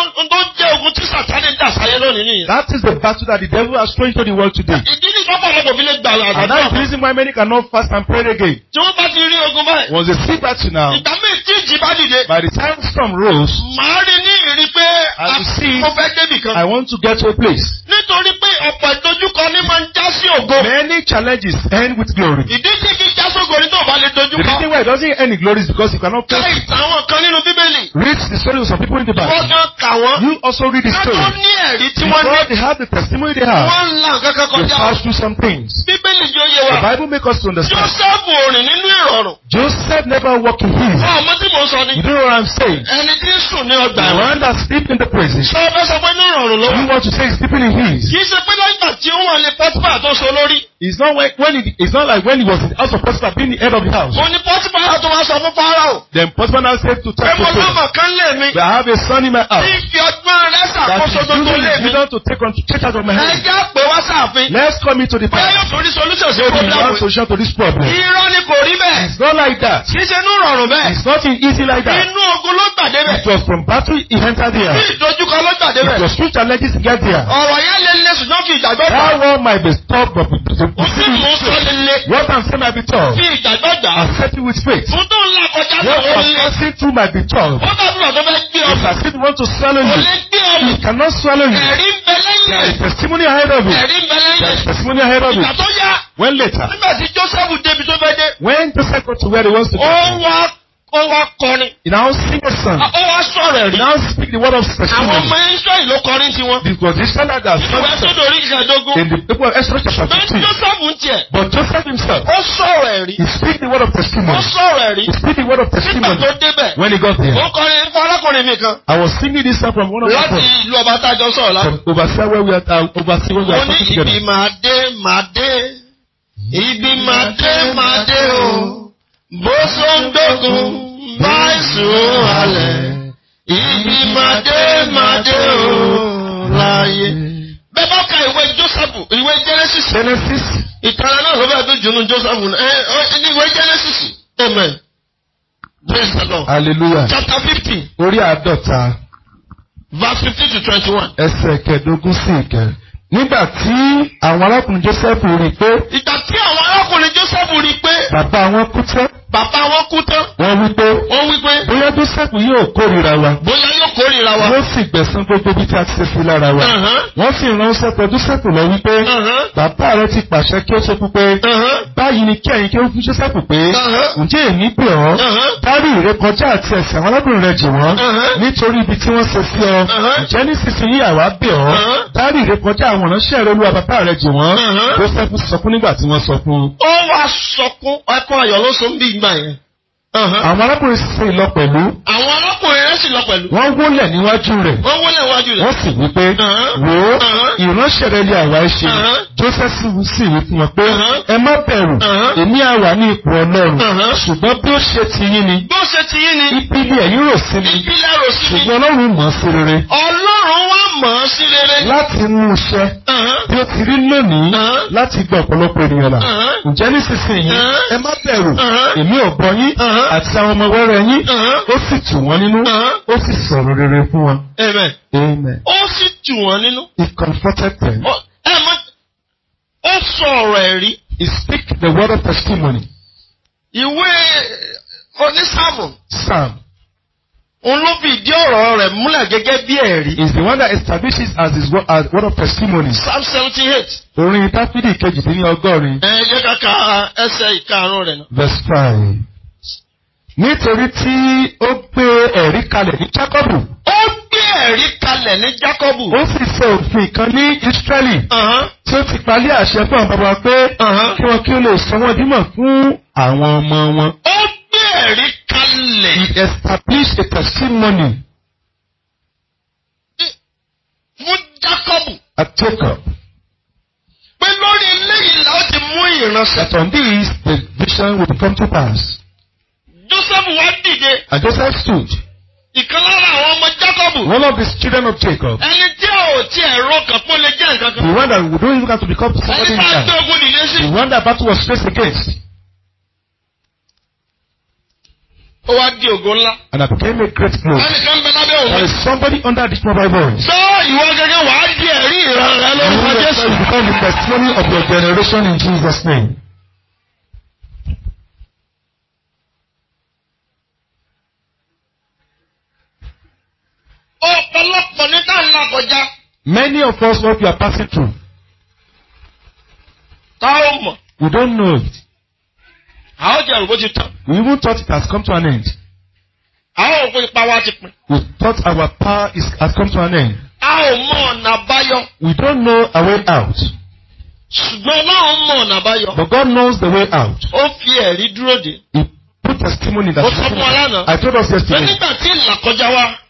jẹ́ ogun tí Sàtánì dà sáyé lónìí nìyẹn. That is the battle that the devil has thrown into the world today. Ìdí ni sọ́pọ̀lọpọ̀ fi lè gbà àdúrà. And that is the reason why many cannot fast and pray again. Tí wọ́n bá ti rí ogun báyìí. Was a sick battle now. Ìgbà míì tí ìjì bá dìde. By the time storm rose. Màá rí ní ìrí pé mo fẹ́ débì kan. I want to get to a place. Nítorí pé ọ̀pọ̀ ìdojúkọ ni máa ń já sí ògo. Many challenges always end with glory. Ìdí tí kí Jásógo ni tó bá lè dojú kọ. The reason why it doesn't end in glory is because you cannot pray. Ká ìtàn àwọn kan nínú Bíbélì. Read the stories of some people in the Bible. Wọ́n kan kà wọ́n. You also read the story. Ká tó ní ẹ̀rí tí wọ́n ní. Before they have the testimony they have. Wọ́n ń la nǹkan kan kọjá. You pass through some things. Bíbélì yóò yé wa. The Bible make us to understand. Joseph ò nínú ìrọ̀rùn. Joseph never walk in heels. Wọ́n mọ tí mo sọ ni. You know what I'm saying. Ẹni tí ń sùn ní ọgbà ẹ̀wọ̀n. The one that sleep in the prison. Sọ fẹ́ sọ pé ní ìrọ̀rùn lọ́wọ́. You want to say sleeping in heels. Kì í ṣe pé lọ́gbà tí ó wà ní tó so lórí. It's not like when it, it's not like when he was in the house of Potiphar being the head of the house. Mo ní Potiphar náà tó máa sọ fún Pharaoh. Then Potiphar now said to take. 2. Ẹ̀mọ̀ lọ́mọ kan lè mi. That I have a son in my house. Ìfi ọgbọ́n rẹ̀ ṣàkóso gbogbo lè mi. That is using to take on take charge of my house. Ẹ jẹ́ pé wá sáàfin. Let's come into the past. Bóyá yóò tún solution sí problem. Maybe one solution to this problem. Irọ́ ni kò rí bẹ́ẹ̀. It's not like that. Ṣíṣe inú rọrùn bẹ́ẹ̀. It's not easy like that. Inú ogun ló gbàdé bẹ̀. It was from battery. he entered there. Bí ìdojúkọ ló gbàdé bẹ̀. It was through challenges he get there. Ọ̀rọ̀ yẹn lè le ṣùgbọ́n fi ìgbàgbọ́. be stopped but What I'm saying might be tough. Fi ìgbàgbọ́ gbà. with faith. Fún tó ń la kọjá lọ What I'm saying through might be tough. If I still want to swallow you. Kò cannot swallow you. There is testimony ahead of you. There is testimony ahead of you. When later. When Joseph got to where he wants to go ó wá kọrin. he now sing a song. ó wá sọ̀rọ̀ rí. he now speak the word of testimony. àwọn ọmọ israẹli ló kọrin tiwọn. because the standard has come down. ìwé tó ìṣàdógún. in the people of extra chapter fifteen. but joseph ń tiẹ̀. but joseph himself. ó sọ̀rọ̀ rí. he speak the word of testimony. ó sọ̀rọ̀ rí. he speak the word of testimony. nígbà tó débẹ̀. when he got there. ó kọrin fún arákùnrin mi kan. I was singing this song from one of my friends. láti ìlú ọba tájọ sọ̀rọ̀ from overseer where we are uh, overseer where we are talking together. ó ibi màá dé màá dé ibi màá dé màá dé o bó so ń dógún báìsù alẹ̀ ibi màdé màdé o láyé. bẹ́ẹ̀ bá ka ìwé Jósẹ́fù ìwé Genesis. Genesis. ìtara náà ló bá dùn jùlọ Jósẹ́fù ẹ ẹ ní ìwé Genesis. amen. praise the Lord. hallelujah. chapter fifty. orí àádọ́ta. verse fifty to twenty-one. ẹsẹ̀ kẹẹ̀dógún sí ìkẹrẹ nígbà tí àwọn arákùnrin Jósẹ́fù rí pé. ìgbà tí àwọn arákùnrin Jósẹ́fù rí pé. bàbá wọn kú tán. Bàbá wọn kú tán. Wọ́n wí pé. Wọ́n wí pé. Bóyá Bísọ̀pù yóò kórìíra wa. Bóyá yóò kórìíra wa. Wọ́n sì gbẹ̀sán gbogbo bí tí a ti ṣe sí lára wa. Uh-huh. Wọ́n sì ránṣẹ́ pé Bísọ̀pù lọ wí pé. Uh-huh. Bàbá rẹ ti pàṣẹ kí ó ṣe pípé. Uh-huh. Báyìí ni kí ẹ̀yin kí ó fún Bísọ̀pù pé. Ǹjẹ́ èmi pè ọ́? Dárí ìrékọjá àti ẹ̀ṣẹ̀ àwọn arábìnrin rẹ jì wọ́n. Nítorí ibi tí wọ́n ṣe sí ọ. Ǹjẹ́ nísinsìnyí àwa bẹ̀ nígbà yẹn. Àwọn arákùnrin sì lọ pẹ̀lú. Àwọn arákùnrin rẹ̀ sì lọ pẹ̀lú. Wọ́n wólẹ̀ níwájú rẹ̀. Wọ́n wólẹ̀ níwájú rẹ̀. Wọ́n sì wí pé, wo ìránṣẹ́ rẹ̀ lé àwa ẹ ṣe. Jósẹ́fù sì wí fún wọn pé ẹ má bẹ̀rù èmi á wà ní ipò Ọlọ́run ṣùgbọ́n bí ó ṣe ti yín ni bí ó ṣe ti yín ni ibi ni ẹ̀yin rò sí mi ṣùgbọ́n Ọlọ́run mọ̀ ọ́ sí rere. Ọlọ́run wá mọ̀ ọ́ sí rere. Láti mú iṣẹ́ bí ó ti rí lónìí láti gba ọ̀pọ̀lọpọ̀ ènìyàn là ǹjẹ́ nísinsìnyí ẹ má bẹ̀rù èmi ò bọ yín àti àwọn ọmọ wẹ́rẹ́ yín ó sì tù wọ́n nínú ó sì sọ̀rọ̀ rere fún wọn. Amen. Amen. Ó sì tù wọ́n nínú. He comforted them. Ẹ mọ Ó sọ ọ̀rọ̀ ẹ̀rí. He speak the word of testimony. Ìwé onísàmù. Psalm. Òun ló fi ìdí ọ̀rọ̀ rẹ̀ múlẹ̀ gẹ́gẹ́ bí ẹ̀rí. Is the one that establishes as his word, as word of testimony. Psalm seventy-eight. Orin Dáfídì kejìdínlọ́gọ́rin. Ẹ jẹ́ ká ka ẹsẹ̀ ìkarùn-ún rẹ̀ náà. Verse five nítorí tí ó gbé ẹ̀rí kalẹ̀ ní Jákọ́bù. ó gbé ẹ̀rí kalẹ̀ ní Jákọ́bù. ó sì sọ òfin kan ní Ísírẹ́lì. Uh-huh. tí ó ti parí àṣẹ fún àwọn bàbá pé uh-huh. kí wọn kí ó lè sọ wọn dímọ̀ fún àwọn ọmọ wọn. ó gbé ẹ̀rí kalẹ̀. he established a testimony. fún Jákọ́bù. at Jacob. pé lórí eléyìí la ó ti mú ìránṣẹ́. that on this the vision will come to pass. Joseph wá dìde. And Joseph stood. Ìkan lára àwọn ọmọ Jacob. One of the children of Jacob. Ẹni tí ò ẹ̀rọ kan pọ́n lè jẹ́ nǹkan kan. The one that we don't even have to become somebody in charge. Ẹni bá gbé nìyẹn sí. The one that battle was faced against. Ó wá di ògo ńlá. And I became a great man. Ẹnìkan bẹ lábẹ́ òun. There is somebody under this mobile voice. Sọ ìwọ gẹ́gẹ́ wàá di ẹ̀rí ìran rẹ lórúkọ Jésù. You become the testimony of your generation in Jesus' name. ọ̀pọ̀lọpọ̀ ní tá à ń Many of us what we are passing through. Tá ò mọ̀. We don't know it. A ó jẹ́ àrùbó ti We even thought it has come to an end. A ó kó ipa wa ti pin. We thought our power is, has come to an end. A ò mọ ọ̀nà àbáyọ. We don't know our way out. Ṣùgbọ́n Ọlọ́run mọ ọ̀nà àbáyọ. But God knows the way out. Ó fi ẹ̀rí dúró de. He put testimony that. Ó sọ fún wa lánàá. I told us yesterday. Pé nígbà tí ìlà kọjá wa.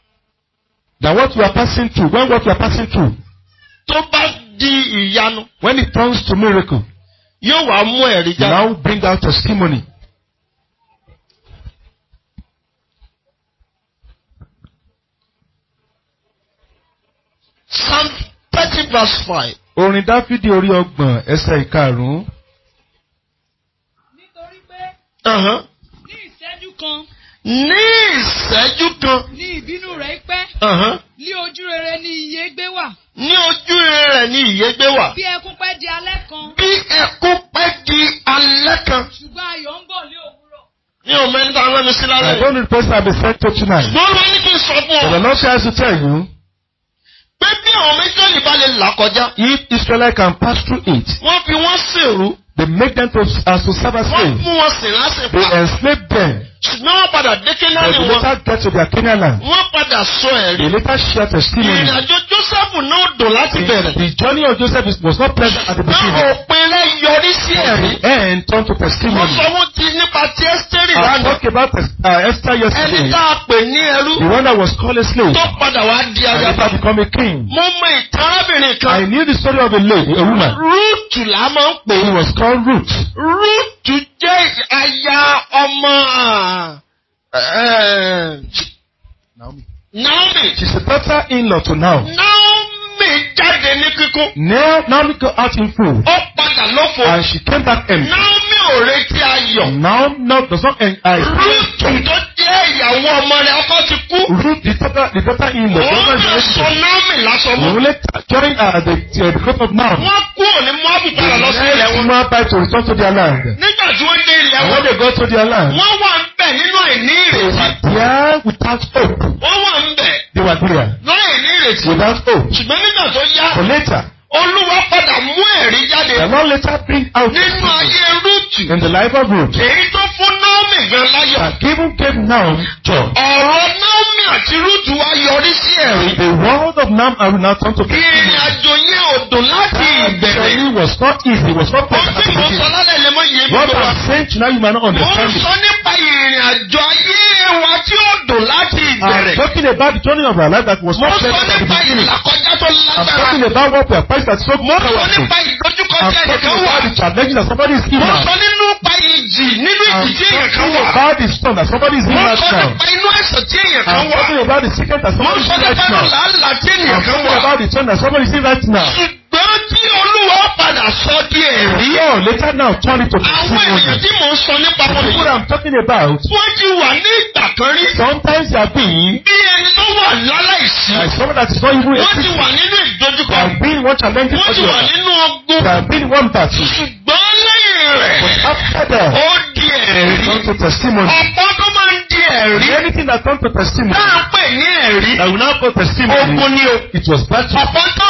That what you are passing through, when what you are passing through. Tó bá di ìyanu. When it turns to miracle. Yóò wá mú ẹ̀rí jáde. Now bring out testimony. Psalm thirty verse five. Orin Dáfídì orí ọgbọ̀n ẹsẹ̀ ìkarùn-ún. Nítorí pé. Uh-huh. Ní ìṣẹ́jú kan ní ìṣẹ́jú kan. ní ìbínú rẹ̀ pẹ́. ní ojú rere ni ìyè gbé wà. ní ojú rere ni ìyè gbé wà. bí ẹkún pẹ́ di alẹ́ kan. bí ẹkún pẹ́ di alẹ́ kan. ṣùgbọ́n ayọ̀ ń bọ̀ ní òwúrọ̀. ní ọmọ ẹni tí a rán sí lálẹ́. I don't need person I be sent to tonight. ṣùgbọ́n wọn ní kí n sọ fún ọ. the Lord says to tell you. pé bí àwọn méjèèjì bá lè là kọjá. if Israel can pass through it. wọ́n fi wọ́n sèrú. they make them to, uh, to serve as slaves. wọ́n fún wọn sèrú. they enslave them ṣùgbọ́n wọ́n padà dé kénáàlì wọn. they later get to their Kenyan land. wọ́n padà sọ ẹ̀rí. they later share testimony. ìrìnàjò Joseph náà dùn láti bẹ̀rẹ̀. the journey of Joseph was not pleasant at the beginning. náà òpin yọrí sí ẹ̀rí. end turn to testimony. wọ́n sọ wọ́n ti nípa ti Esther lánàá. I talk about uh, Esther yesterday. ẹni tá a pè ní ẹrú. the one that was called a slave. tó padà wá I knew the story of a lady, a woman. Ruth la máa ń was called Ruth jẹ́ aya ọmọ. Eh, Naomi. Naomi. She's a better in-law to now. Naomi jáde ní kíkún. Now Naomi go out in full. Ó padà lófo. And she came back empty. Naomi ò retí ayọ̀. Now no does not end. Rúùtù tó jẹ́ ìyàwó ọmọ rẹ̀ ọkọ ti kú. Ruth the daughter the daughter in law. Òun náà sọ Naomi lásán mọ́. Òun lè join the uh, group of man, Wọ́n kúrò ní Moabu padà lọ sí ilẹ̀ wọn. Wọ́n bá to return to their land. Nígbà tí wọ́n dé ilẹ̀ wọn. Wọ́n lè go to their land. Wọ́n wà ń bẹ̀ nínú àìní ìrètí. They were without hope. Wọ́n wà ń bẹ̀. They were there. Láì ní ìrètí. Without hope. Ṣùgbọ́n nígbà tó yá. For later. Olúwa padà mú ẹ̀rí jáde. The Lord later bring out. Nínú ayé Rúùtù. In the life of Ruth. Èyí tó fún Naomi gan láyọ̀. That even gave Naomi joy. Ọ̀rọ̀ Naomi àti Rúùtù wá yọrí sí ẹ̀rí. The world of Naomi and Ruth turned to be. Ìrìn àjò yẹn ò dùn láti ìbẹ̀rẹ̀. That journey was not easy, was not pleasant. Wọ́n ti mọ̀ sọ lálẹ́ yẹn. What I'm saying to now you might not understand Mo sọ nípa ìrìn àjò ayé wa tí ó dùn láti ìbẹ̀rẹ̀. I'm talking about the journey of our life that was not pleasant at the beginning. I'm talking about what we are facing that so much powerful. Mo I'm talking about the challenges that somebody is in. Mo sọ nínú ìjì nínú ìjì tí ẹ̀yẹ̀ kan wà. I'm talking about the storm that somebody is in right now. Mo sọ nípa inú ẹ̀sọ̀ tí ẹ̀yẹ̀ kan wà. I'm talking about the sickness that somebody is in right now. Mo sọ nípa ìlàlà tí ẹ̀yẹ̀ kan wà. I'm talking about the turn that somebody is in right now ṣùgbọ́n tí olúwa padà sọ di ẹ̀rí. yóò later now turn it to the true money. àwọn ènìyàn tí mò ń sọ nípa wọn. the I'm talking about. wọ́n ti wà ní ìgbà kan rí. sometimes they are bí ẹni tó wà láláìsí. like someone that is not even. wọ́n ti wà nínú ìdojúkọ. they been one challenge for you. wọ́n ti wà nínú ogun. they been one battle. ṣùgbọ́n lẹ́yìn rẹ̀. but after that. ó di ẹ̀rí. turn to testimony. ọ̀pọ̀ máa ń di ẹ̀rí. anything that turn to testimony. táà pè ní ẹ̀rí. that will now go testimony. ogun ni o. it was battle. ọ̀pọ̀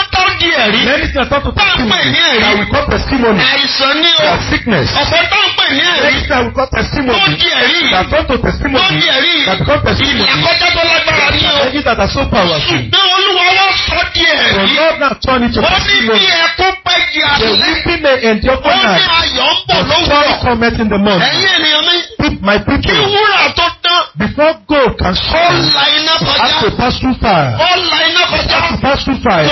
di ẹ̀rí. many things are to testimony that we call testimony. àìsàn ní o. that sickness. ọ̀pọ̀ tó ń pè ní ẹ̀rí. many things we call testimony. tó di ẹ̀rí. that turn tó di ẹ̀rí. that become testimony. ìlàkọjá lágbára ní o. many that are so powerful. ṣùgbọ́n olúwa wọ́n sọ tán. before gold can shine. ó la iná kọjá. has to pass through ó la iná kọjá. has to pass through fire.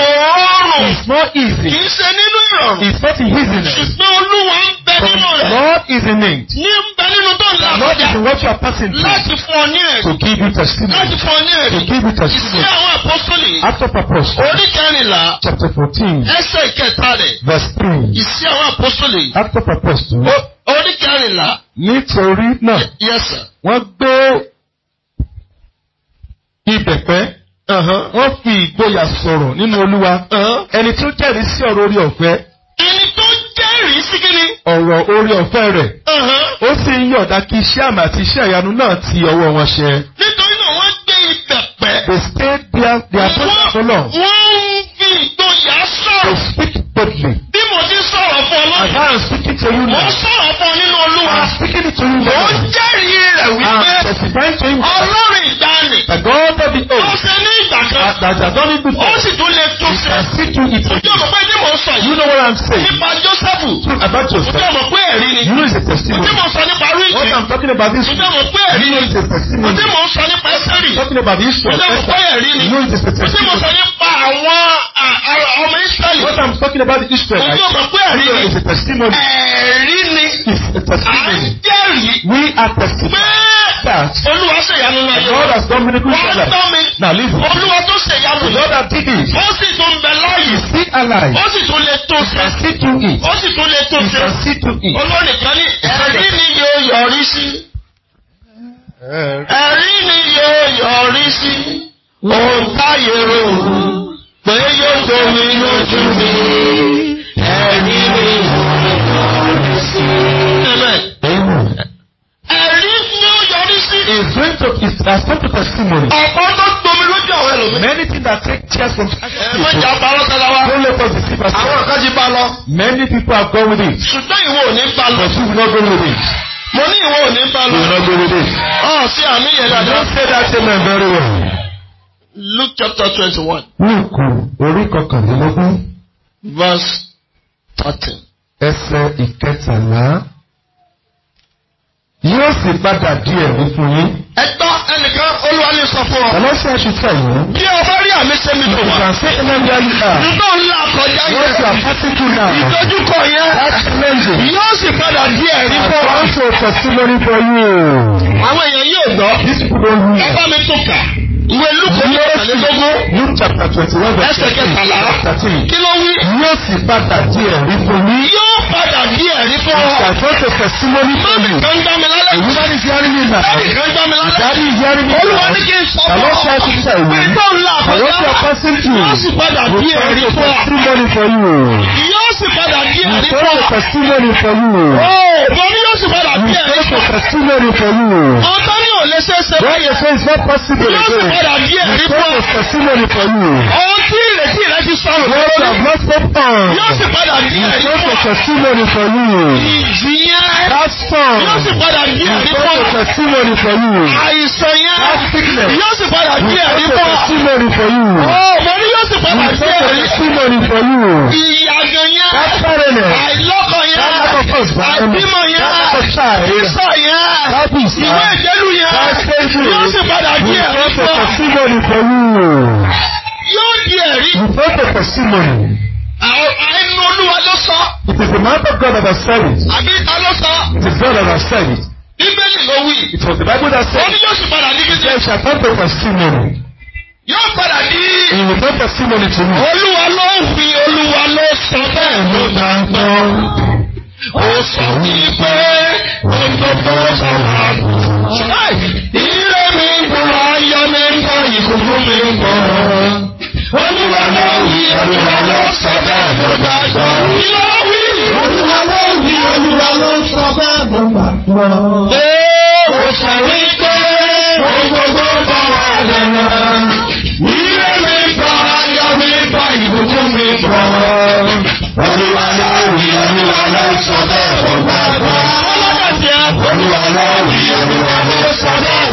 it's not easy. kì í ṣe nínú ìrọ̀rùn. it's not easy. ṣùgbọ́n olúwa ń bẹ nínú rẹ̀. God is in it. ní ń bẹ nínú tó ń la kọjá. God is in what you are passing through. láti fún ọ ní ẹ̀rí. to give you testimony. láti fún ọ ní ẹ̀rí. to give you testimony. ìṣe àwọn apostoli. after purpose. orí kẹrìnlá. chapter fourteen. ẹsẹ̀ ìkẹta rẹ̀. verse three. ìṣe àwọn apostoli. after purpose oníkẹrìnlá. nítorí náà. yes sir. wọ́n gbé ìbẹ̀pẹ́. Uh-huh. wọ́n fi ìgboyà sọ̀rọ̀ nínú olúwa. Uh-huh. ẹni tó jẹ́rìí sí ọ̀rọ̀ orí ọ̀fẹ́. ẹni tó jẹ́rìí sí kíni. ọ̀rọ̀ orí ọ̀fẹ́ rẹ̀. Uh-huh. ó sì ń yọ̀ǹda kí iṣẹ́ àmì àti iṣẹ́ ìyanu náà ti ọwọ́ wọn ṣẹ. nítorí náà wọ́n gbé ìbẹ̀pẹ́. they stayed there their presence so long. wọ́n ń fi ìgboyà sọ̀rọ̀. they speak boldly. Bí mo ti sọ̀rọ̀ fún ọ lọ́dún. I am speaking to you now. Mo ń sọ̀rọ̀ fún ọ nínú Olúwa. I am speaking to you now. Mo ń jẹ́rìí rẹ̀ wípé. I am testifying to you. Ọlọ́run ìgbàanì. The God of the old. Mo ní ìgbà kan. that has done it before. ó sì tún lè tún ṣe. you can see through it again. know what I'm saying. nípa Jósẹ́fù. about Joseph. ǹjẹ́ o mọ̀ pé ẹ̀rí ni. you know it's a testimony. sọ nípa Rúùtù. what I'm talking about this. mọ̀ pé ẹ̀rí ni. you know it's a testimony. ǹjẹ́ mò sọ nípa Ẹ́sẹ̀rì. talking about this one. mọ̀ pé ẹ̀rí ni. you know it's a testimony. sọ nípa àwọn ọmọ Ísírẹ́lì. what I'm talking about the Israel. ǹjẹ́ o mọ̀ pé ẹ̀rí ni. it's a testimony. ẹ̀rí ni. a testimony. we are testimony. olúwa ṣèyanu náà yóò. God has done now listen olúwa tó ṣe ìyanu. the lord that did ó sì tún bẹ láàyè. still alive. ó sì tún lè tó ṣe. he can still do it. ó sì tún lè tó ṣe. he can still do it. olóòlìkan ní eh. ẹ̀rí ni yóò yọrí sí. ẹ̀rí ni yóò yọrí sí. òun táyé rò pé yóò tó mi lójú mi. ẹ̀rí ni yóò yọrí sí. ẹ̀rí ni yóò yọrí sí. is going to is going to testimony. ọ̀pọ̀ mi. many things that take tears from eh, people. ẹ má jà bá wa. don't let us deceive ourselves. àwọn kan ti bá lọ. many people have gone with it. ṣùgbọ́n ìwọ ò ní bá lọ. but you will not go with it. mo ní ìwọ ò ní bá lọ. you will not go with it. ọ̀ sí àmì yẹn dáadáa. you say that statement very well. Luke chapter twenty-one. Lúùkù orí kọkànlélógún. verse thirteen. ẹsẹ̀ ìkẹtàlá yóò sì padà di ẹ̀rí fún yín. ẹ gbọ́ ẹnìkan olúwa ní sọ fún ọ. ọlọ́sẹ̀ ẹ ṣe tẹ̀ yín. bí o bá rí àmì ṣe mi tó wà. ìgbà sí ẹlẹ́dàá yìí náà. nígbà ńlá kọjá yẹn. wọ́n sọ pátíkù náà. ìdójúkọ yẹn. láti lẹ́yìn. yóò sì padà di ẹ̀rí fún ọ. àwọn èèyàn yóò gbọ́. ẹ bá mi tún kà. Ìwé Luke orí ọ̀sẹ̀lélógún. Luke chapter twenty one verse kẹtàlá. Kí ló wí? Yóò sì padà di ẹ̀rí fún mi. Yóò padà di ẹ̀rí fún ọ. Ìṣàkóso testimony fún mi. Mọ́mí kan gbá mi lálẹ́. Èyí dárí ìyárí mi nà. Mọ́mí kan gbá mi lálẹ́. Ìdárí ìyárí mi nà. Olúwa ní kí sọ fún ọ. Àwọn ṣe ṣiṣẹ́ ìwé. Pé tó ń la àkọ́já. Yóò sì padà di ẹ̀rí fún ọ. testimony for you. Yóò sì padà di ẹ̀rí fún ọ. testimony for you. yóò sì padà di ẹ̀rí fún ọ dàbí ẹ̀rí bọ́. Ìfẹ́ ìfẹ́sílẹ̀ ni pẹ̀lú. Ohun tí ìrètí rẹ ti sọ̀rọ̀ lórí. Wọ́n dàbí ọ̀pọ̀. Yóò sì padà bí ẹ̀rí bọ́. Ìfẹ́ ìfẹ́sílẹ̀ ni pẹ̀lú. Ìjìyẹn. Pásítọ̀. Yóò sì padà bí ẹ̀rí bọ́. Ìfẹ́ ìfẹ́sílẹ̀ ni pẹ̀lú. Àìsàn yẹn. Pásítọ̀. Yóò sì padà bí ẹ̀rí bọ́. Ìfẹ́ ìfẹ́sílẹ̀ ni pẹ̀lú. Ó oh, mo ní yóò sì padà bí ẹ̀rí. Ìfẹ́ ìfẹ́sílẹ̀ ni pẹ̀lú. Ìyàgàn yẹn. Pásítọ̀ Àìlọ́kọ̀ yẹn. Àìbímọ yẹn. Ìsọ̀ yẹn. Ìwé uh, ìjẹ́lú yẹn. Uh, yóò sì padà bí ẹ̀rí bọ́ testimony for you. Yóò di You hold the testimony. I Àwọn ẹnu Olúwa ló sọ. It is the mouth of God that has said it. Àbí ìta ló sọ. It is God that has said it. Bíbélì ló wí. It was the Bible that said. Only ní yóò sì padà ní bíbélì. shall come to testimony. Your father did. It will come testimony to me. Olúwa ló fi Olúwa ló sọ bẹ́ẹ̀ ló máa ń gbọ́. Ó sọ wípé ohun tó bọ́ sọ wà lù. Ire mi ń bọ̀, ayọ̀ mi ń bọ̀, ìkùnkùn mi ń bọ̀. Olúwa ló wí, Olúwa ló sọ bẹ́ẹ̀ ló bá gbọ́. Olúwa wí, Olúwa ló wí, Olúwa ló sọ bẹ́ẹ̀ ló bá gbọ́. Ee, mo ṣàwí pé gbogbo bọ̀ wá lẹ́nu. Ilé mi ń bọ̀, ayọ̀ mi ń bọ̀, ìkùnkùn mi ń bọ̀. Olúwa ló wí, Olúwa ló sọ bẹ́ẹ̀ ló bá gbọ́. When you are now, we are the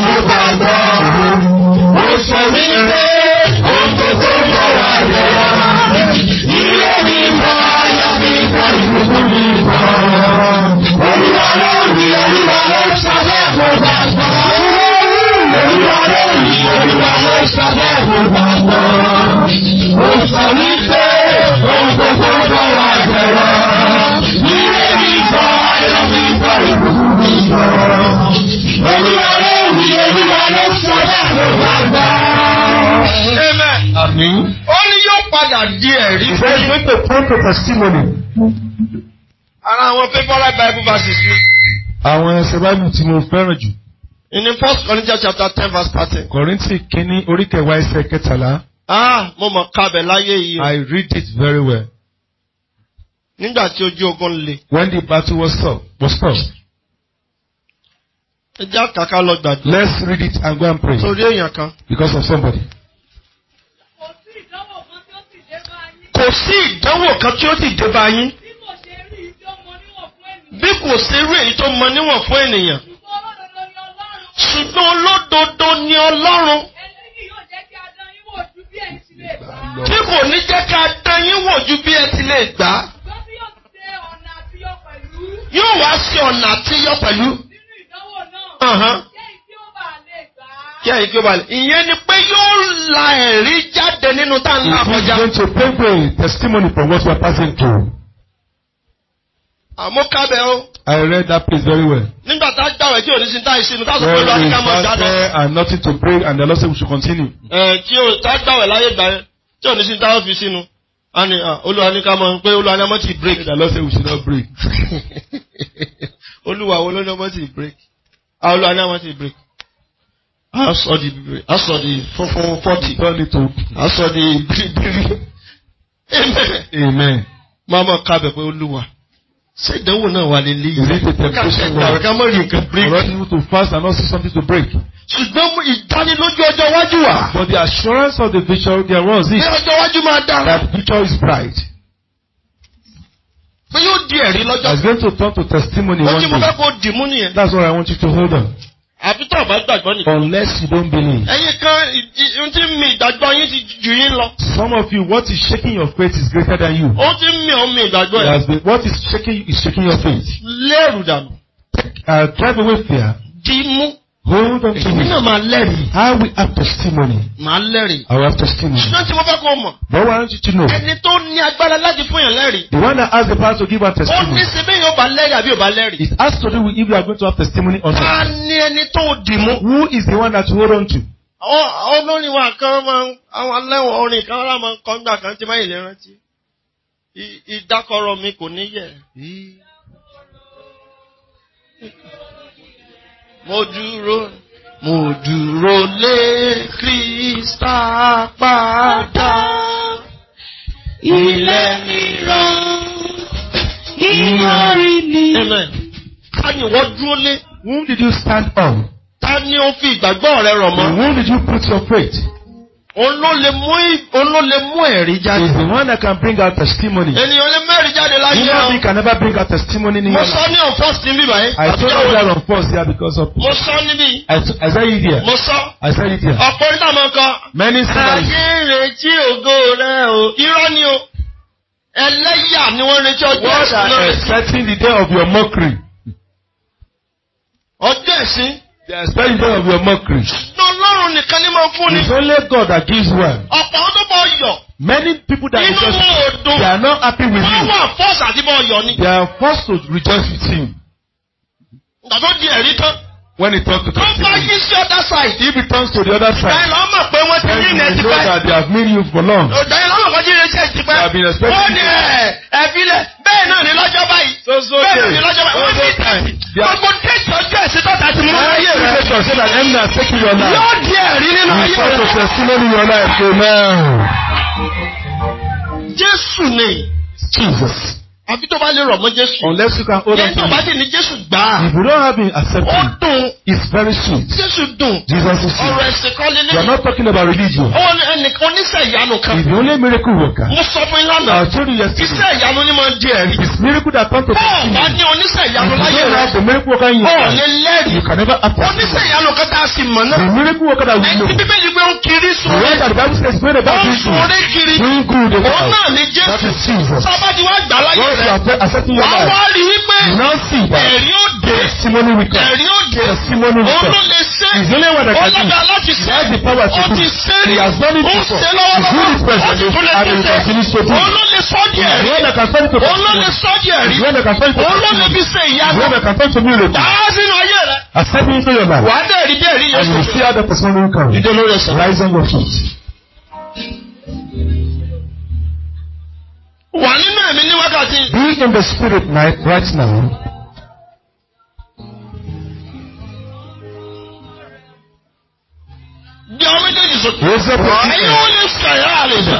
a testimony. Ara àwọn favourite Bible verses ni. Àwọn ẹsẹ̀ Báìbù tí mo fẹ́ràn jù. In the first Corinthians chapter ten verse thirteen. Kọ̀rìntì kínní orí kẹwàá ẹsẹ̀ kẹtàlá. Ah, mo mọ̀ kábẹ̀ láyé yìí. I read it very well. Nígbà tí ojú ogun le. When the battle was stopped. Was stopped. Ẹ jẹ́ àkàkà lọ gbàdúrà. Let's read it and go and pray. Torí èèyàn kan. Because of somebody. kò sí ìdánwò kan tí ó sì dé bá yín bí kò sí irú èyí tó mọ níwọ̀n fún ènìyàn ṣùgbọ́n olódodo ni ọlọ́run tí kò ní jẹ́ ká dán yín wò ju bí ẹ ti lè gbà á yóò wá sí ọ̀nà àtiyọ pẹ̀lú. Uh-huh kí ẹ̀yin kí o bá lè. ìyẹn ni pé yóò la ẹ̀rí jáde nínú tá n là kọjá. he is going to bring the testimony from what we are passing through. àmúkábẹ́ o. I read that place very well. nígbà tá a gbàwẹ̀ tí oníṣẹ́ tá a ṣe ni tá a sọ pé lọ́wọ́ ká mọ̀ jáde. there is and nothing to bring and the Lord say we should continue. ẹ tí o tá a gbàwẹ̀ láyé gbà yẹn tí oníṣẹ́ tá a fi sínú ani ah, olúwa ní ká mọ̀ pé olúwa ní ọmọ tí break. the Lord say we should not break. (laughs) olúwa wo ló ní ọmọ tí break. Ah, olúwa ní ọmọ tí break aṣọ di aṣọ di funfun fọ́tì aṣọ di biribiri amen amen máa ma kábẹ̀ pé olúwa ṣé ìdánwò náà wà lè léyìí rí tètè bó ṣe wà ká mọ̀ rí nǹkan break ọ̀rọ̀ ti mú to fast and not see something to break. ṣùgbọ́n ìdánilójú ọjọ́ iwájú wa. but the assurance of the vision there was this. pé ọjọ́ iwájú máa dára. that the future is bright. pé yóò di ẹ̀rí lọ́jọ́. I was going to talk to testimony one day. lọ́jọ́ mo fẹ́ kó dìmú nìyẹn. that's what I want you to hold on. Àbí tó o bá gbàgbọ́ nìkan. Unless you don't believe. Ẹyin kan ohun tí mi ìgbàgbọ́ yín ti jù yín lọ. Some of you what is shaking your faith is greater than you. Ó ti mi òun mi ìgbàgbọ́ yẹn. What is shaking is shaking your faith. Lérù dànù. Uh, drive away fear. Dì mú. Hold on to me. Èmi náà máa lẹ́rìí. I will have testimony. Màá lẹ́rìí. I will have testimony. Ṣùgbọ́n tí mo fẹ́ kó mọ̀. But what I want you to know. Ẹni tó ní agbára láti fún yàn lẹ́rìí. The one that has the power to give out testimony. Ó ní sinmi yóò bá lẹ́rìí àbí yóò bá lẹ́rìí. It has to do with if you are going to have testimony or not. Ta ni ẹni tó dì mú? Who is the one that you hold on to? Àwọn olórin wa kan máa ń àwọn aláwọ̀ orin kan rárá máa ń kọ́ nígbà kan tí máa ìlera rántí. Ìdákọ̀rọ̀ mi kò ní yẹ̀ mo dúró mo dúró lé Kírísítà padà ilé mi rán ìyọrí ni. ká ni wọ́n dúró lé. whom did you stand on? ta ni o fi ìgbàgbọ́ rẹ rọ̀ mọ́? whom did you put your faith? Òun ló mú ẹ̀rí jáde. is the one that can bring out testimony. Ènìyàn lè mú ẹ̀rí jáde láyé náà. Human being can never bring out testimony ní yàrá. Mo sọ ní on first níbí báyìí. I told you that on first here because of. Mo sọ níbí. I said it here. Mo sọ. I said it here. Ọ̀pọ̀ orí máa kọ. Many stories. Ayé ìrètí ògo rẹ̀ o, irọ́ ni o. Ẹlẹ́yà ni wọ́n retí ọjọ́ ìsìn náà. What are you expecting the day of your mockery? Ọjọ́ ìsìn. The extension of your mockeries. Ọlọ́run nìkan ni mo fún ni. It's only God that gives one. Ọ̀pọ̀ ọdún tó bọ̀ yọ̀. Many people that rejoice. Inú wọn ò They are not happy with you. Wọ́n wà fọ́ọ̀sì àti bọ̀ yọ̀ ni. They are forced to rejoice with him. Gbàgbọ́ di ẹ̀rí tán when he talks to the people. Don't to the other side. If he turns to the other side. Bẹ́ẹ̀ni ọmọ pé wọ́n ti rí ilẹ̀ ti pẹ́. Then you know that they have made you for long. Bẹ́ẹ̀ni ọmọ kan ti rí ilẹ̀ ti pẹ́. They have been expecting you. Wọ́n ní ẹ̀ eh, ẹ̀fílẹ̀ bẹ́ẹ̀ náà ní lọ́jọ́ báyìí. Bẹ́ẹ̀ náà ní lọ́jọ́ báyìí. Wọ́n ní ìtàkì. Gbogbo déjọ́ jẹ́ ìsítọ́ ta ti mú lọ ayé rẹ̀. Ayé ṣe that end has taken your life. Yóò di ẹ̀rí nínú ayé rẹ̀. You got to testimony your life. Amen. Jésù ni. Jesus àfi tó bá lè rọ̀ mọ́ Jésù. unless you can hold on to it. yẹn tó bá ti ní Jésù gbà. if you don't have been accepted. ó dùn. it's very sweet. Jésù dùn. Jesus is sweet. ọ̀rọ̀ ẹ̀sìn kan lélẹ́yìn. we are not talking about religion. ó ní oníṣẹ́ ìyanu kan. if the only miracle worker. mo sọ fún ìlànà. our children yesterday. iṣẹ́ ìyanu ni máa di ẹ̀rí. it's miracle that come to pass. bọ́ọ̀ bá ní oníṣẹ́ ìyanu láyé rẹ̀. you don't have the miracle worker in your life. ọ̀ lè lẹ́rìí. you can never access. oníṣẹ́ ìyanu kan tá a sì mọ̀ náà. the miracle worker that we know. ẹni bíbélì gbé ń kiri sùn. that the Bible that is Jesus. sábà ti wá gbà rẹ. wọ́n wá rí i pé ẹ̀rí ó dé. ẹ̀rí ó dé. òun ló lè ṣe. ọlọ́dà láti ṣe. ó ti ṣe rí. ó ṣe lọ́wọ́lọ́wọ́. ó ti tún lè ṣe. òun ló lè sọ díẹ̀ rí. òun ló lè sọ díẹ̀ rí. òun ló lè fi ṣe ìyanu. dáhà sínú ayé rẹ. wàá dẹ̀ rí bí ẹ̀rí yẹn sọ. Wà nínú ẹ̀mí ní wákàtí. Be in the spirit night right now. Di ọmọ méjèèjì sókè. Ayé wọn ní sàyà àlejò.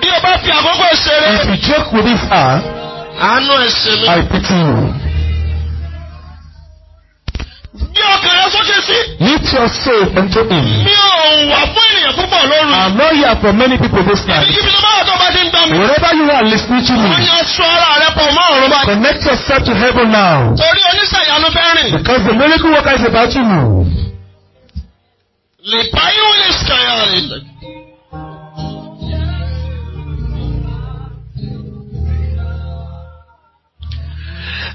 Bí o bá fi àkókò ṣeré. If you joke with his heart. Àánú ẹ̀sìn mi. I pity you ọkàn rẹ sókè sí. lift your soul unto him. mi ò wà fún ènìyàn púpọ̀ lóru. I'm not here for many people this night. ibi tó bá tó bá ti ń gbà mí. wherever you are listening to me. ọ̀nà sọ ara rẹ pọ̀ mọ́ ọ̀run báyìí. connect yourself to heaven now. torí oníṣàyànú fẹ́ rìn. because the miracle worker is about to move. lè báyìí wọlé ṣàyàn.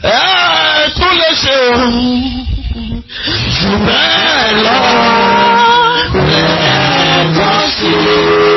ẹ tún lè ṣe òun jù bẹ́ẹ̀ lọ rẹ̀ bọ́ sí i.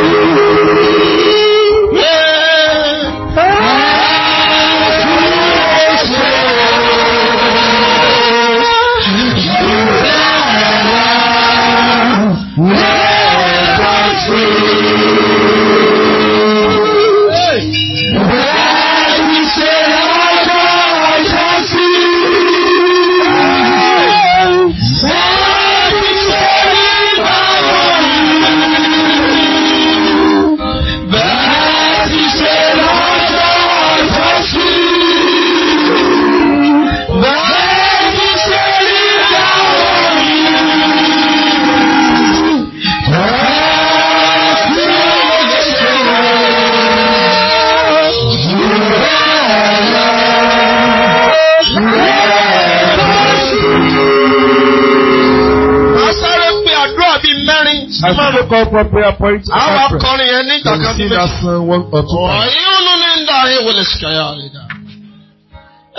I should look up what prayer points are. Àwọn akọrin yẹn ní ìtàkà sí méjì. Kò sí lásán one or two oh, times. Ọ̀yin olómi ń dá ayé wọlé síkàyà rẹ̀ dá.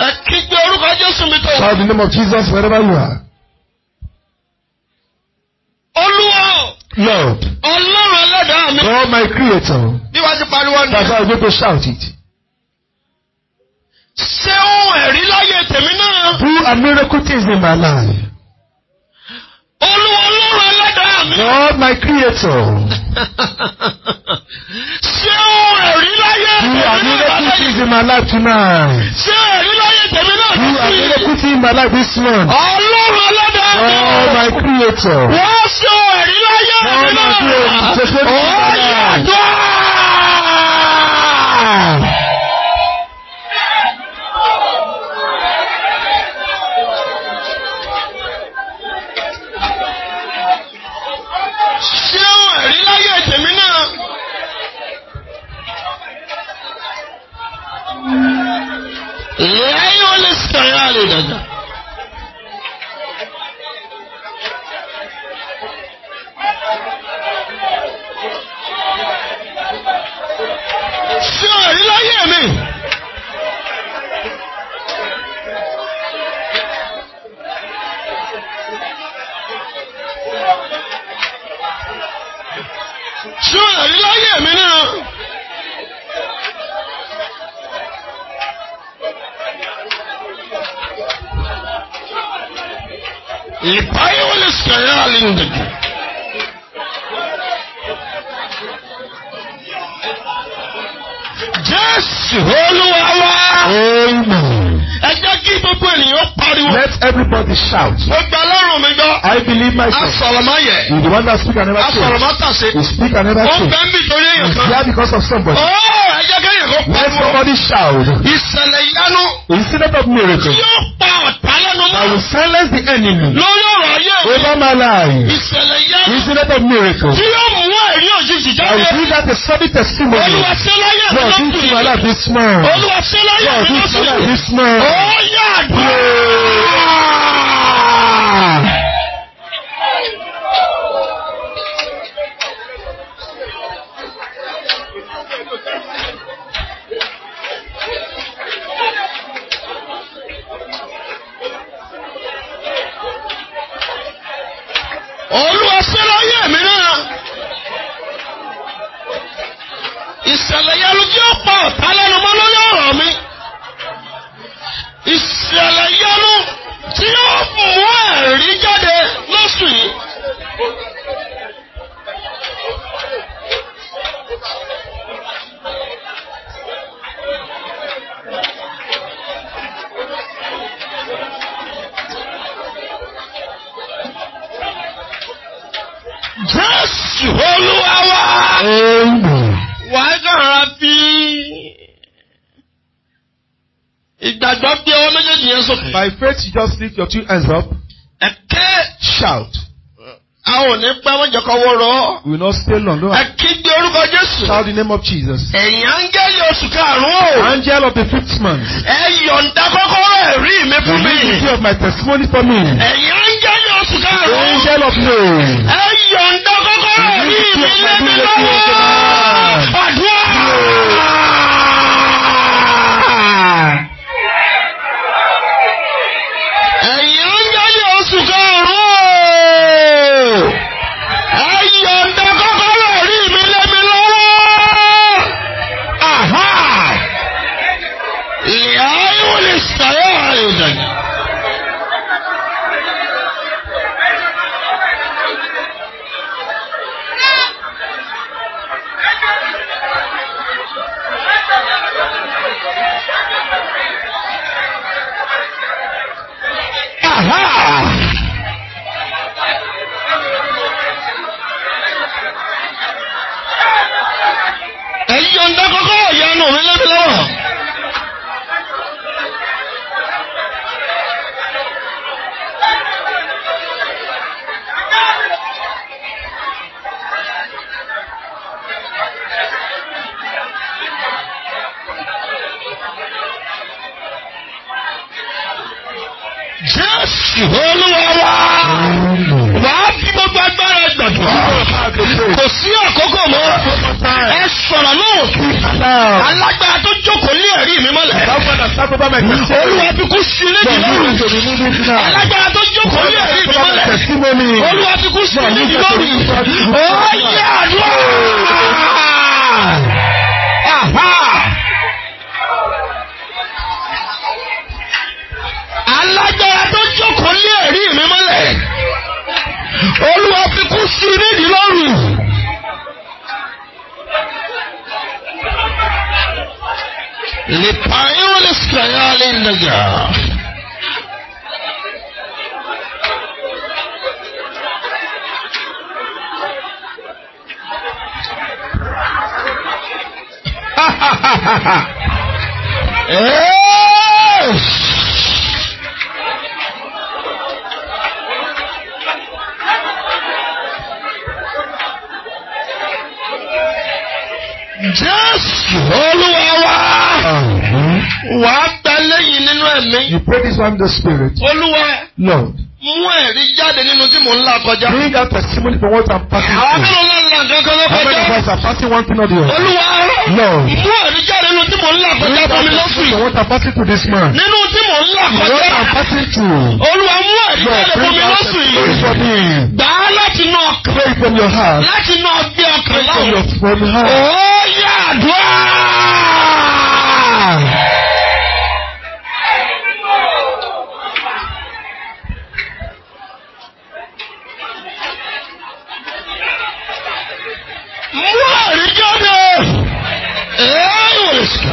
Ẹ kígbe orúkọ Jésù mi tó. Shout the name of Jesus wherever you are. Olúwa. Lord. Ọlọ́run ẹlẹ́dàá mi. God my creator. Bí wàá ti pariwo ní. That's how you need to shout it. Ṣé ohun ẹ̀rí láyé tèmi náà? Do a miracle things in my life. Olúwa ọlọ́run ẹlẹ́dàá mi ẹlẹ́dàá God my creator. ṣé o ẹ̀rí láyé tèmi náà láyé? You are miracle things in my life tonight. ṣé ẹ̀rí láyé tèmi náà láyé? You are miracle things in my life this month. Ọlọ́run ẹlẹ́dàá mi. God my creator. Wọ́n ṣe ẹ̀rí láyé tèmi náà. Ọ̀ọ́ yàtọ̀. tàn yá lè dàgbà. ṣé ọ̀rí láyé mi? ṣé ọ̀rí láyé mi náà? لبايول سكيال دجو Jésù Amen. Let everybody shout. I believe myself. Asọ̀rọ̀mọ́ You the one that speak and never change. You speak and never change. Ó bẹ́ẹ̀ because of somebody. Let somebody shout. Incident of miracle lẹ́nu mọ́. I will silence the enemy. Lórí ọ̀rọ̀ ayé mi. Over my life. Ìṣẹ̀lẹ̀ yẹn. Incident of miracle. Tí yóò mú ẹ̀rí òjijì jáde. I will do that. a sudden testimony. Olúwa Sẹ́láyà mi lọ́kùnrin. Lord, this is my life this man. Olúwa Sẹ́láyà mi lọ́kùnrin. Lord, this is my life this man. Ó yà dùn. ìṣẹ̀lẹ̀ yẹlu tí ó pa ọ̀tá lẹ́nu mọ́ lórí ọ̀rọ̀ mi ìṣẹ̀lẹ̀ yẹlu tí ó mú ẹ̀rí jáde lóṣù yìí. Jésù Olúwa wa. Ìgbàgbọ́ gbé ọwọ́ méjèèjì yẹn sókè. By faith you just lift your two hands up. Ẹ̀kẹ́. Shout. A ò ní pẹ́ wọ́n jẹ́ kọ́ We will not stay long. No. Ẹ̀kígbe orúkọ Jésù. Shout the name of Jesus. Ẹ̀yin áńgẹ́lì oṣù karùn-ún. Angel of the fifth month. Ẹ yọ̀ǹda kọ́kọ́rọ́ ẹ̀rí mi fún mi. The beauty of my testimony for me. Ẹ̀yin áńgẹ́lì oṣù karùn-ún. Angel of May. Ẹ yọ̀ǹda kọ́kọ́rọ́ ẹ̀rí mi lẹ́mi lọ́wọ́. Àdúrà. to go ọmọ mi lẹ́mi lọ́wọ́. Jésù olúwa wá wàá fi gbogbo agbára gbàdúrà kò sí ọ̀ àkókò mọ́ ẹ sọ̀rọ̀ náà ah. alágbára tó jókòó lé ẹ̀rí mi mọ́lẹ̀ olúwa fi kú sí lédi lóru alágbára tó jókòó lé ẹ̀rí mi mọ́lẹ̀ olúwa fi kú sí lédi lóru ó yẹ àdúrà. alágbára tó jókòó lé ẹ̀rí mi mọ́lẹ̀ olúwa fi kú sí lédi lóru. लिपायों वाले स्कायले लगा Just follow our Wà á gba lẹ́yìn nínú ẹ̀mí. You pray this one in the spirit. Olúwa. Lord. Mú ẹ̀rí jáde nínú tí mò ń là kọjá. Bring out testimony from what I'm passing through. Àwọn kan ló ń là nǹkan kan lọ́kọjá. How many of us are passing one thing or the other? Olúwa. Lord. Mú ẹ̀rí jáde nínú tí mò ń là kọjá fún mi lọ́sùn. Bring out testimony from what I'm passing through this man. Nínú tí mò ń là kọjá. What I'm passing through. Olúwa mú ẹ̀rí jáde fún mi lọ́sùn yìí. Gbà á láti inú ọkàn. Pray from your heart. Láti inú ọgbẹ́ ọkàn láwùjọ. Pray from your heart. Ó yá àdúrà down. Mú ẹ̀rí jáde. Ẹ̀ẹ́yọ̀lẹ́sìkà.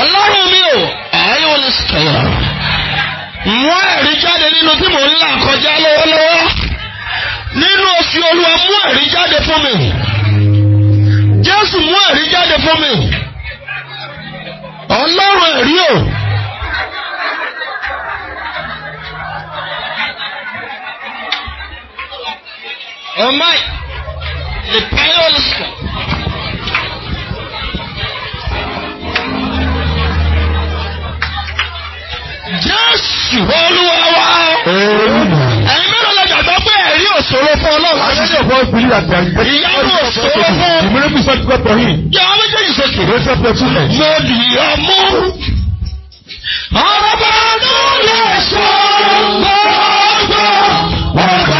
Ọlọ́run mi ò ẹ̀ẹ́yọ̀lẹ́sìkà yà. Mú ẹ̀rí jáde nínú tí mò ń là kọjá lọ́wọ́lọ́wọ́. Nínú òfin Olúwa mú ẹ̀rí jáde fún mi. Jésù mú ẹ̀rí jáde fún mi ọlọ́run ẹ̀rí o. ọmọ ìpáyọ̀ olùsọ̀. Jésù olúwa wá gbàgbọ́ ẹ̀rí òṣòro fún ọlọ́run. I don't know what believe that there is. Ìyanu òṣòro fún. The miracle is not God for him. Yàrá méjèèjì sókè. Wọ́n sọ pé fún ẹ̀. Mo dì í ọmú. Ọba tó lè ṣe gbọ́gbọ́. Ọba.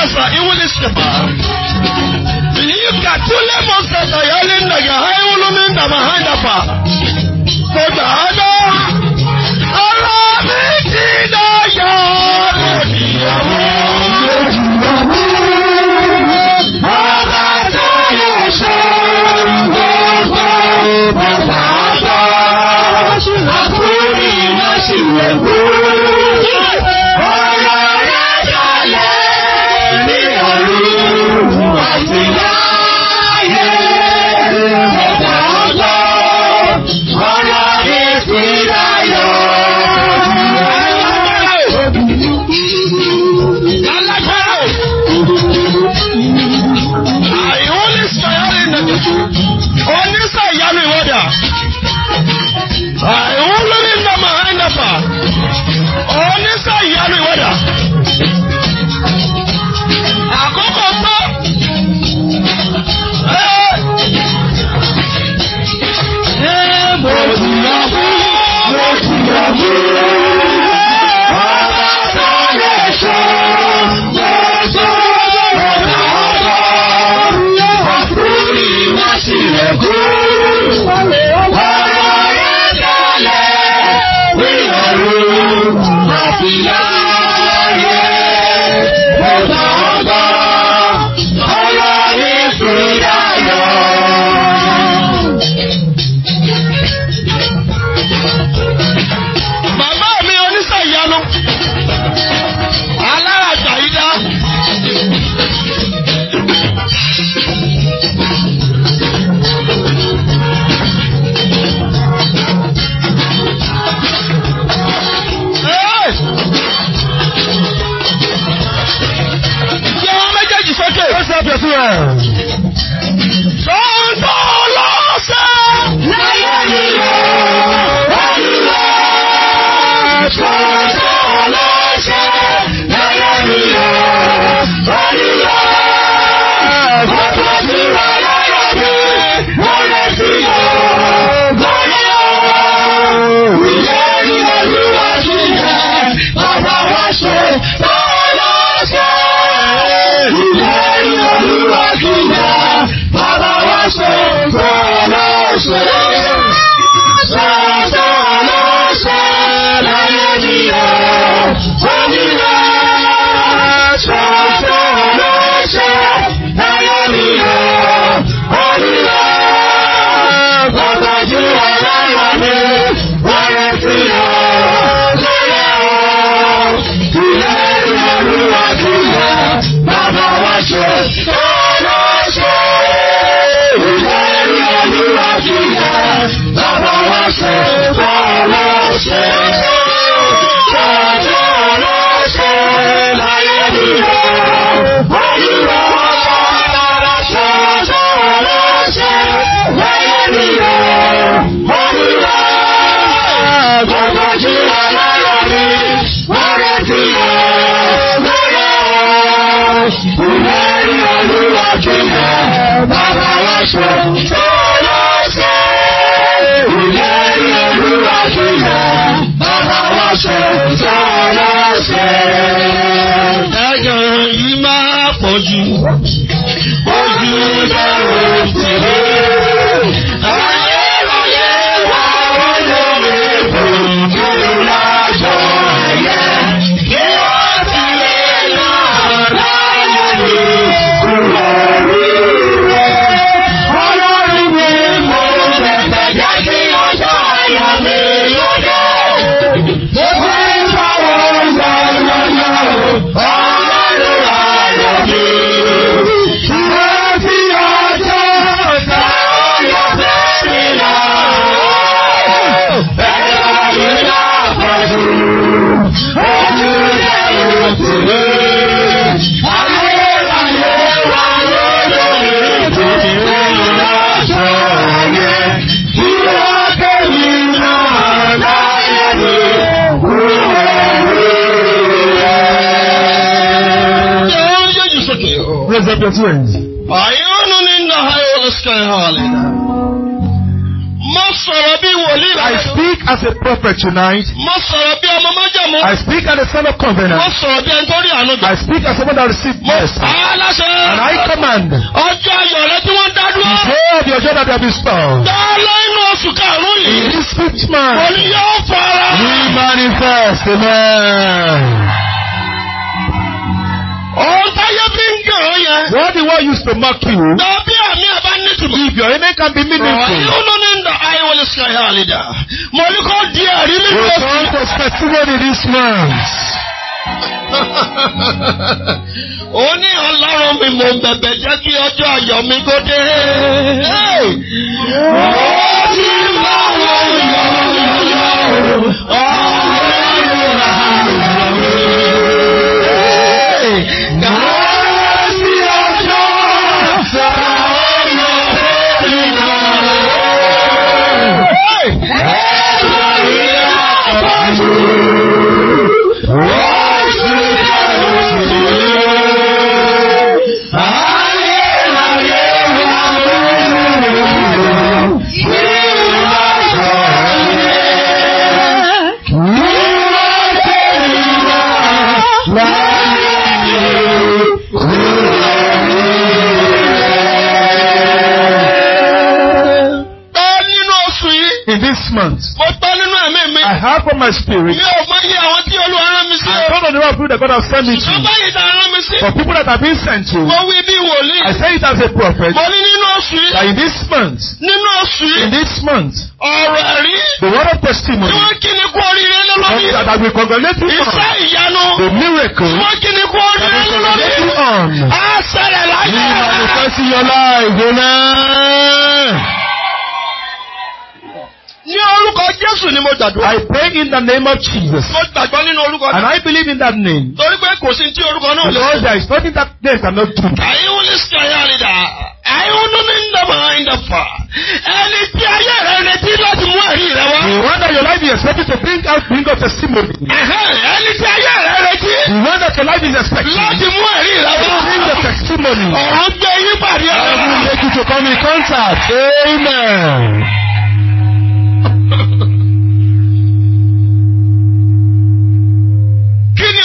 sasa iwulisheba yikatule mosasa yalindaga haiwulumenda mahandapa kodada alamitidaya Thank you. التي عندي I speak as a prophet tonight. I speak as a son of covenant. I speak as someone that received mercy. And I command. Ọjọ́ The day of your joy that be been stored. Dọ́lá This fifth man. We manifest. Amen. Ohun What the world used to mock you. If your enemy can be meaningful. you ló ní ndọ̀ ayé wọlé sí ayé àlejò. Mo ní kó di We come to testimony this month. (laughs) Ó ní ọlọ́run mi mò ń bẹ̀bẹ̀ jẹ́ kí ọjọ́ ayọ̀ mi kó dé. Ó ti lọ. moment. Mo gbọ́ nínú ẹ̀mí mi. I have for my spirit. Mi ò mọ iye àwọn tí Olúwa rán mi sí. I don't know the number of people that God has sent me to. Ṣùgbọ́n báyìí ta rán mi sí. For people that have been sent to. Mo wí bí wòlíì. I say it as a prophet. Mo ní nínú oṣù yìí. That in this month. Nínú oṣù yìí. In this month. Ọ̀rọ̀ ẹ̀rí. The word of testimony. Tí wọ́n kí ni kú oríire lọ́lọ́rí. That that we congratulate you on. Iṣẹ́ ìyanu. The miracle. Tí wọ́n kí ni kú oríire lọ́lọ́rí. That we congratulate you on. Á ṣẹlẹ̀ láyé. Ní orúkọ Jésù ni mo gbàdúrà. I pray in the name of Jesus. Mo gbàgbọ́ nínú orúkọ náà. And I believe in that name. Torí pé kò sí tí orúkọ náà lè. Because there is nothing that name cannot do. Àyíwò ní Sìkàyàrìdà, àyíwò ní Ndàmà Ndàfà, ẹni tí ayé rẹ̀ retí láti mú ẹ̀rí rẹ̀ wá. The one that your life is expected to bring out bring out testimony. Ẹni tí ayé rẹ̀ retí. The one that your life is expected. Láti mú ẹ̀rí rẹ̀ wá. Bring the testimony. Ọ̀rọ̀ gbé yín pàdé. I will make you to come in contact. Amen.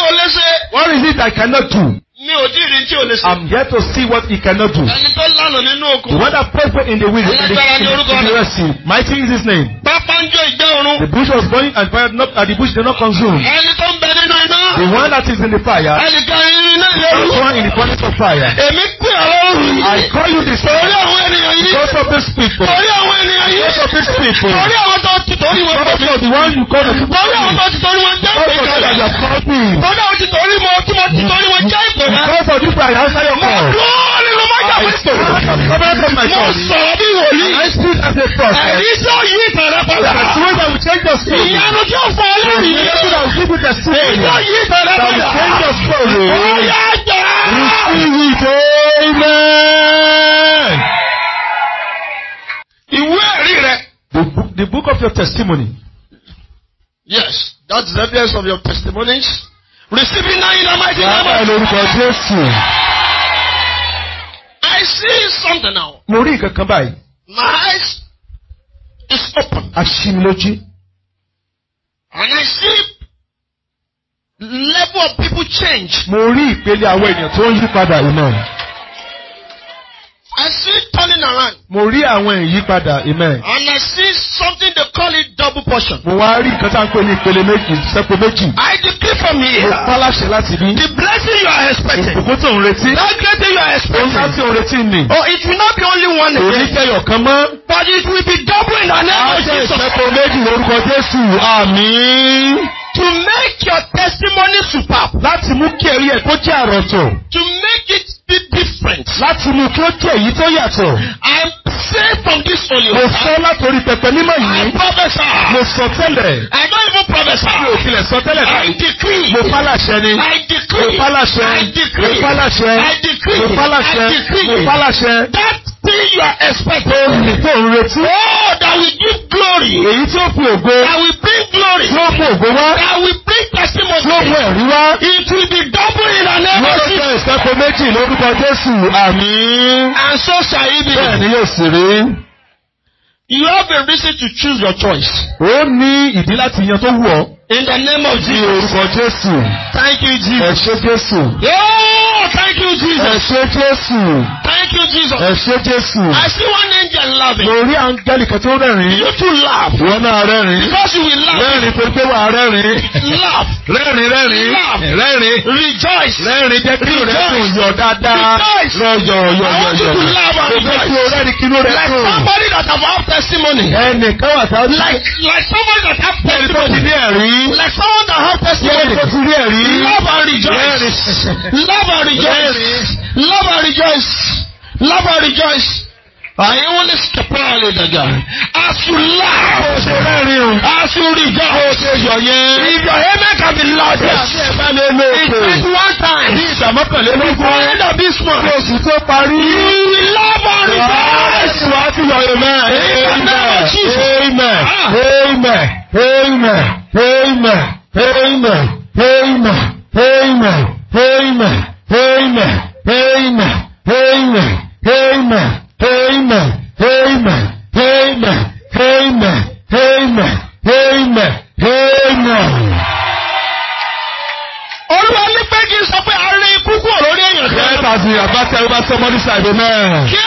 ó What is it I cannot do? Mi ò tí ì rí tí o lè ṣe. I'm here to see what he cannot do. Ẹni tó lánàá nínú òkun. The one that in the wind. Ẹlẹ́gbẹ̀rẹ̀ ni orúkọ rẹ̀. In the Mighty is his name. Pápánjó ìgbẹ́rún. The bush was burning and fire not and the bush did not consume. Ẹni tó ń bẹ nínú iná. The one that is in the fire. Ẹnìkan iná ìléru. The one in the furnace of fire. Èmi pè ọ́ òrùn. I call you this morning. Torí àwọn ènìyàn yìí. Because of these people. Torí àwọn ènìyàn yìí. Because of these people. Torí àwọn tó ti torí wọn pè mí. The one you call the people. àwọn tó ti torí wọn jẹ́ ìpè kalẹ̀. Torí àwọn ti torí wọn tí jẹ́ ìpè call for people and answer your call. Mo glory ló máa jà fún ìsòro. Mo sọ̀rọ̀ bí wòlíì. I still as a prophet. Ẹ̀rí sọ yí tẹ̀lé padà. I swear that we change your story. Ìyanu tí ó fọ lórí. The story that will give you the story. Ẹ̀rí sọ yí tẹ̀lé padà. That change oh, the story. Ó yá jà. Receive it, amen. Ìwé ẹ̀rí rẹ̀. The book of your testimony. Yes, that's the evidence of your testimonies. Receiving now in the mighty name of lórúkọ I see something now. Mo rí nǹkan kan báyìí. My eyes is open. Àṣìlójú. And I see level of people change. Mo rí ìpele àwọn ènìyàn tó ń yí padà iná. I see turning around. Mo rí àwọn ìyípadà, amen. And I see something they call it double portion. Mo wá rí nǹkan tá à ń pè ní ìpele méjì, sẹ́po méjì. I decree for me. Mo pálàṣẹ láti bí. The blessing you are expecting. Ìbùkún tó ń retí. The great you are expecting. Òun láti ń retí ni. Oh, it will not be only one again. Èmi fẹ́ yọ̀kan mọ́. But it will be double in the name of Jesus. Àṣẹ méjì lórúkọ Jésù, àmín. To make your testimony superb. Láti mú kí ẹ̀rí ẹ̀ kó jẹ́ àrọ̀tọ̀. To make it be different. Láti mú kí ó jẹ́ èyí tó yàtọ̀. I say from this holy water. Mo sọ látòrí pẹpẹ mímọ́ yìí. I prophesy. Mo sọ tẹ́lẹ̀. I don't even prophesy. Mi ò tilẹ̀ sọ tẹ́lẹ̀ náà. I decree. Mo fàlàṣẹ ni. I decree. Mo fàlàṣẹ. I decree. Mo fàlàṣẹ. I decree. Mo fàlàṣẹ. I decree. Mo fàlàṣẹ. That thing you are expecting. Ohun tó ń retí. Oh, that will give glory. Èyí tó fi ògo. That will bring glory. Yóò mú ògo wá. I will bring testimony. Ló wọ ẹ̀rí wá. It will be double in an hour. Yóò jẹ́ ìsẹ́po méjì lórúkọ Jésù. Àmín. And so shall it be. Bẹ́ẹ̀ni yóò sì rí. You have a reason to choose your choice. Ó ní ìdí láti yan tó wù ọ́. In the name of Jesus. Ní orúkọ Thank you Jesus. Ẹ ṣé Jésù. Oh thank you Jesus. Ẹ ṣé Jésù. Thank you Jesus. Ẹ ṣé Jésù. I see one angel laughing. Mo rí angẹ́lì kan tó rẹ́rìn. You too laugh. Wọ́n náà rẹ́rìn. Because you will laugh. Rẹ́rìn pé wà rẹ́rìn. Laugh. Rẹ́rìn rẹ́rìn. Laugh. Rẹ́rìn. Rejoice. Rẹ́rìn jẹ́ kí rẹ̀ kùn yọ̀ dáadáa. Rejoice. Lọ yọ̀ yọ̀ yọ̀ yọ̀. I want you to laugh and rejoice. Mo fẹ́ kí o rẹ́rìn kí ló rẹ̀ kùn. Like somebody that have had testimony. Ẹnì kan wà sáájú. Like like somebody that have testimony. Ẹni tó ti Let all the had testimony. Love and rejoice. Love and rejoice. Love and rejoice. Love and rejoice. I only sèpá àlè dàgbà. Àsùlá. Oṣù rẹ̀rin o. Àsùrìjà oṣù yọ̀yẹ́. Ìjọ yẹn mẹ́ka bí lọ́dẹ̀. Àti ẹ̀fẹ́ lè lo èkó. It takes one time. at the end of this month, you will love and rejoice. Ìlọ́bọ̀rì bẹ́ẹ̀. Ẹ̀sùn wa ti Amen. Amen. Ah. Amen. Heyme, heyme, heyme, heyme, heyme, heyme, heyme, heyme, heyme, heyme, heyme, heyme, heyme, heyme, heyme, heyme. Olúwa ní pé kí n sọ pé a rí ikú kúrò lórí èèyàn. Bẹ́ẹ̀ bá ti àbá tẹ́ ọ bá sọ mọ́ ní sàbẹ̀ náà. Kí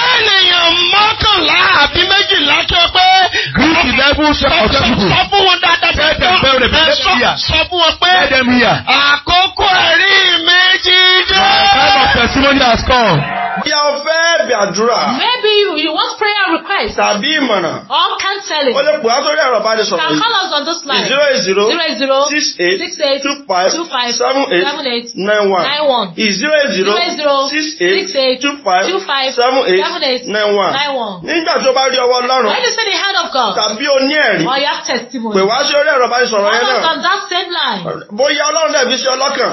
has come. Bí a fẹ́ bẹ̀ Maybe you, you want prayer request. Tàbí ìmọ̀ràn. Or counseling. O lè pè á sórí ẹ̀rọ ìbánisọ̀rọ̀ yìí. Can call us on this nine zero eight zero six eight two five seven eight nine one is zero eight zero six eight two five seven eight nine one. nígbà tó bá rí ọwọ́ Ọlọ́run tàbí o ní ẹ̀rí pè wá sí orí ẹ̀rọ ìbánisọ̀rọ̀ yẹn náà bóyá Ọlọ́run dẹ̀ fi ṣe ọlọ́kàn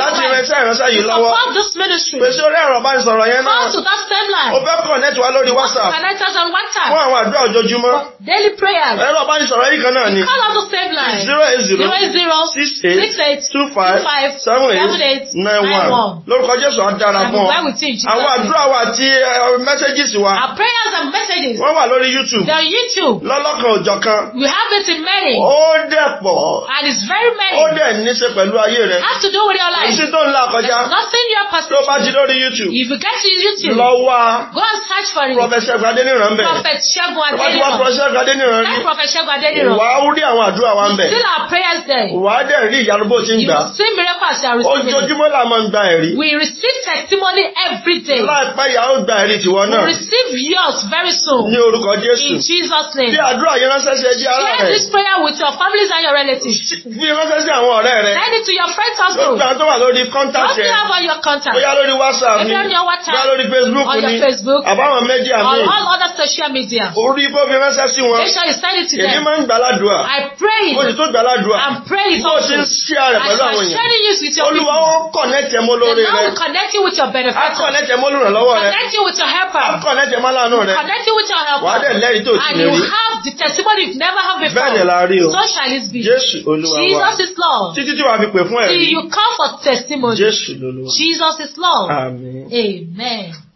láti ránṣẹ́ ìránṣẹ́ yìí lọ́wọ́ pè sí orí ẹ̀rọ ìbánisọ̀rọ̀ yẹn náà o fẹ́ connect wa lórí WhatsApp fún àwọn àdúrà ojoojúmọ́ ẹ̀rọ ìbánisọ̀rọ̀ yìí kan náà ni call us the same line. zero eight zero zero zero six eight six eight two five two five seven eight seven eight nine one. lórúkọ Jésù á dára fún ọ. àwọn àdúrà wa àti eh, messages wa. our prayers and messages. wọ́n wà lórí YouTube. they are YouTube. lọ́lọ́kan òjọ̀kan. we have it in many. ó dẹ̀ pọ̀. and it's very many. ó dẹ̀ ní ṣe pẹ̀lú ayé rẹ. has to do with your life. èsì tó ń la kọjá. there's nothing you are passing. tó bá ti lórí YouTube. if you get to YouTube. lọ wá. go and search for it. prophet Ṣẹ́gun Adéníran bẹ̀. prophet Ṣẹ́gun Adéníran. tó prophet Ṣẹ́gun Adéníran. Ṣẹ́gun Adéníran. ìwà ó àwọn àdúrà wa ń bẹ̀. still our prayers there. wà á dẹ̀ rí ìyanu bó ṣe ń gbà. you see miracle as you are receiving. ojoojúmọ́ la máa ń gba ẹ̀rí. we receive testimony every day. láìpẹ́ ìyá ó gba ẹ̀rí tiwọn náà. we receive yours very soon. ní orúkọ Jésù. in Jesus name. bí àdúrà yẹn ránṣẹ́ sí ẹbí ara rẹ. share this prayer with your families and your relatives. fi ránṣẹ́ sí àwọn ọ̀rẹ́ rẹ. send it to your friends also. lóògbé àwọn tó wà lórí contact yẹn. don't have all your contact. bóyá lórí WhatsApp mi. bóyá lórí Facebook mi. on your Facebook. àbáwọn méjì àmì. on all other social media. orí bó fi ránṣẹ́ sí wọn. make sure you send it to them. èmi máa ń gbàládùá gbàdúrà. I pray it. o sì tún gbàládùá. I'm praying for you. bó o ń ṣíà rẹ̀ pẹ̀lú àwọn èèyàn. I sharing you with your people. olúwa ó connect ẹ mọ́ lórí rẹ. and now connect you with your benefactor. I connect ẹ mọ́ olùrànlọ́wọ́ rẹ. connect you with your helper. I connect ẹ mọ́ láàánú rẹ. connect you with your helper. wàá dẹ̀ lẹ́yìn tó ti lè and you have the testimony you never have before. bẹ́ẹ̀ la rí o. so shall it be. Jésù olúwa wa. Jesus is love. títí tí wàá fi pè fún ẹ̀rí. till you come for testimony. Jésù lolúwa. Jesus is love. Amen. Amen.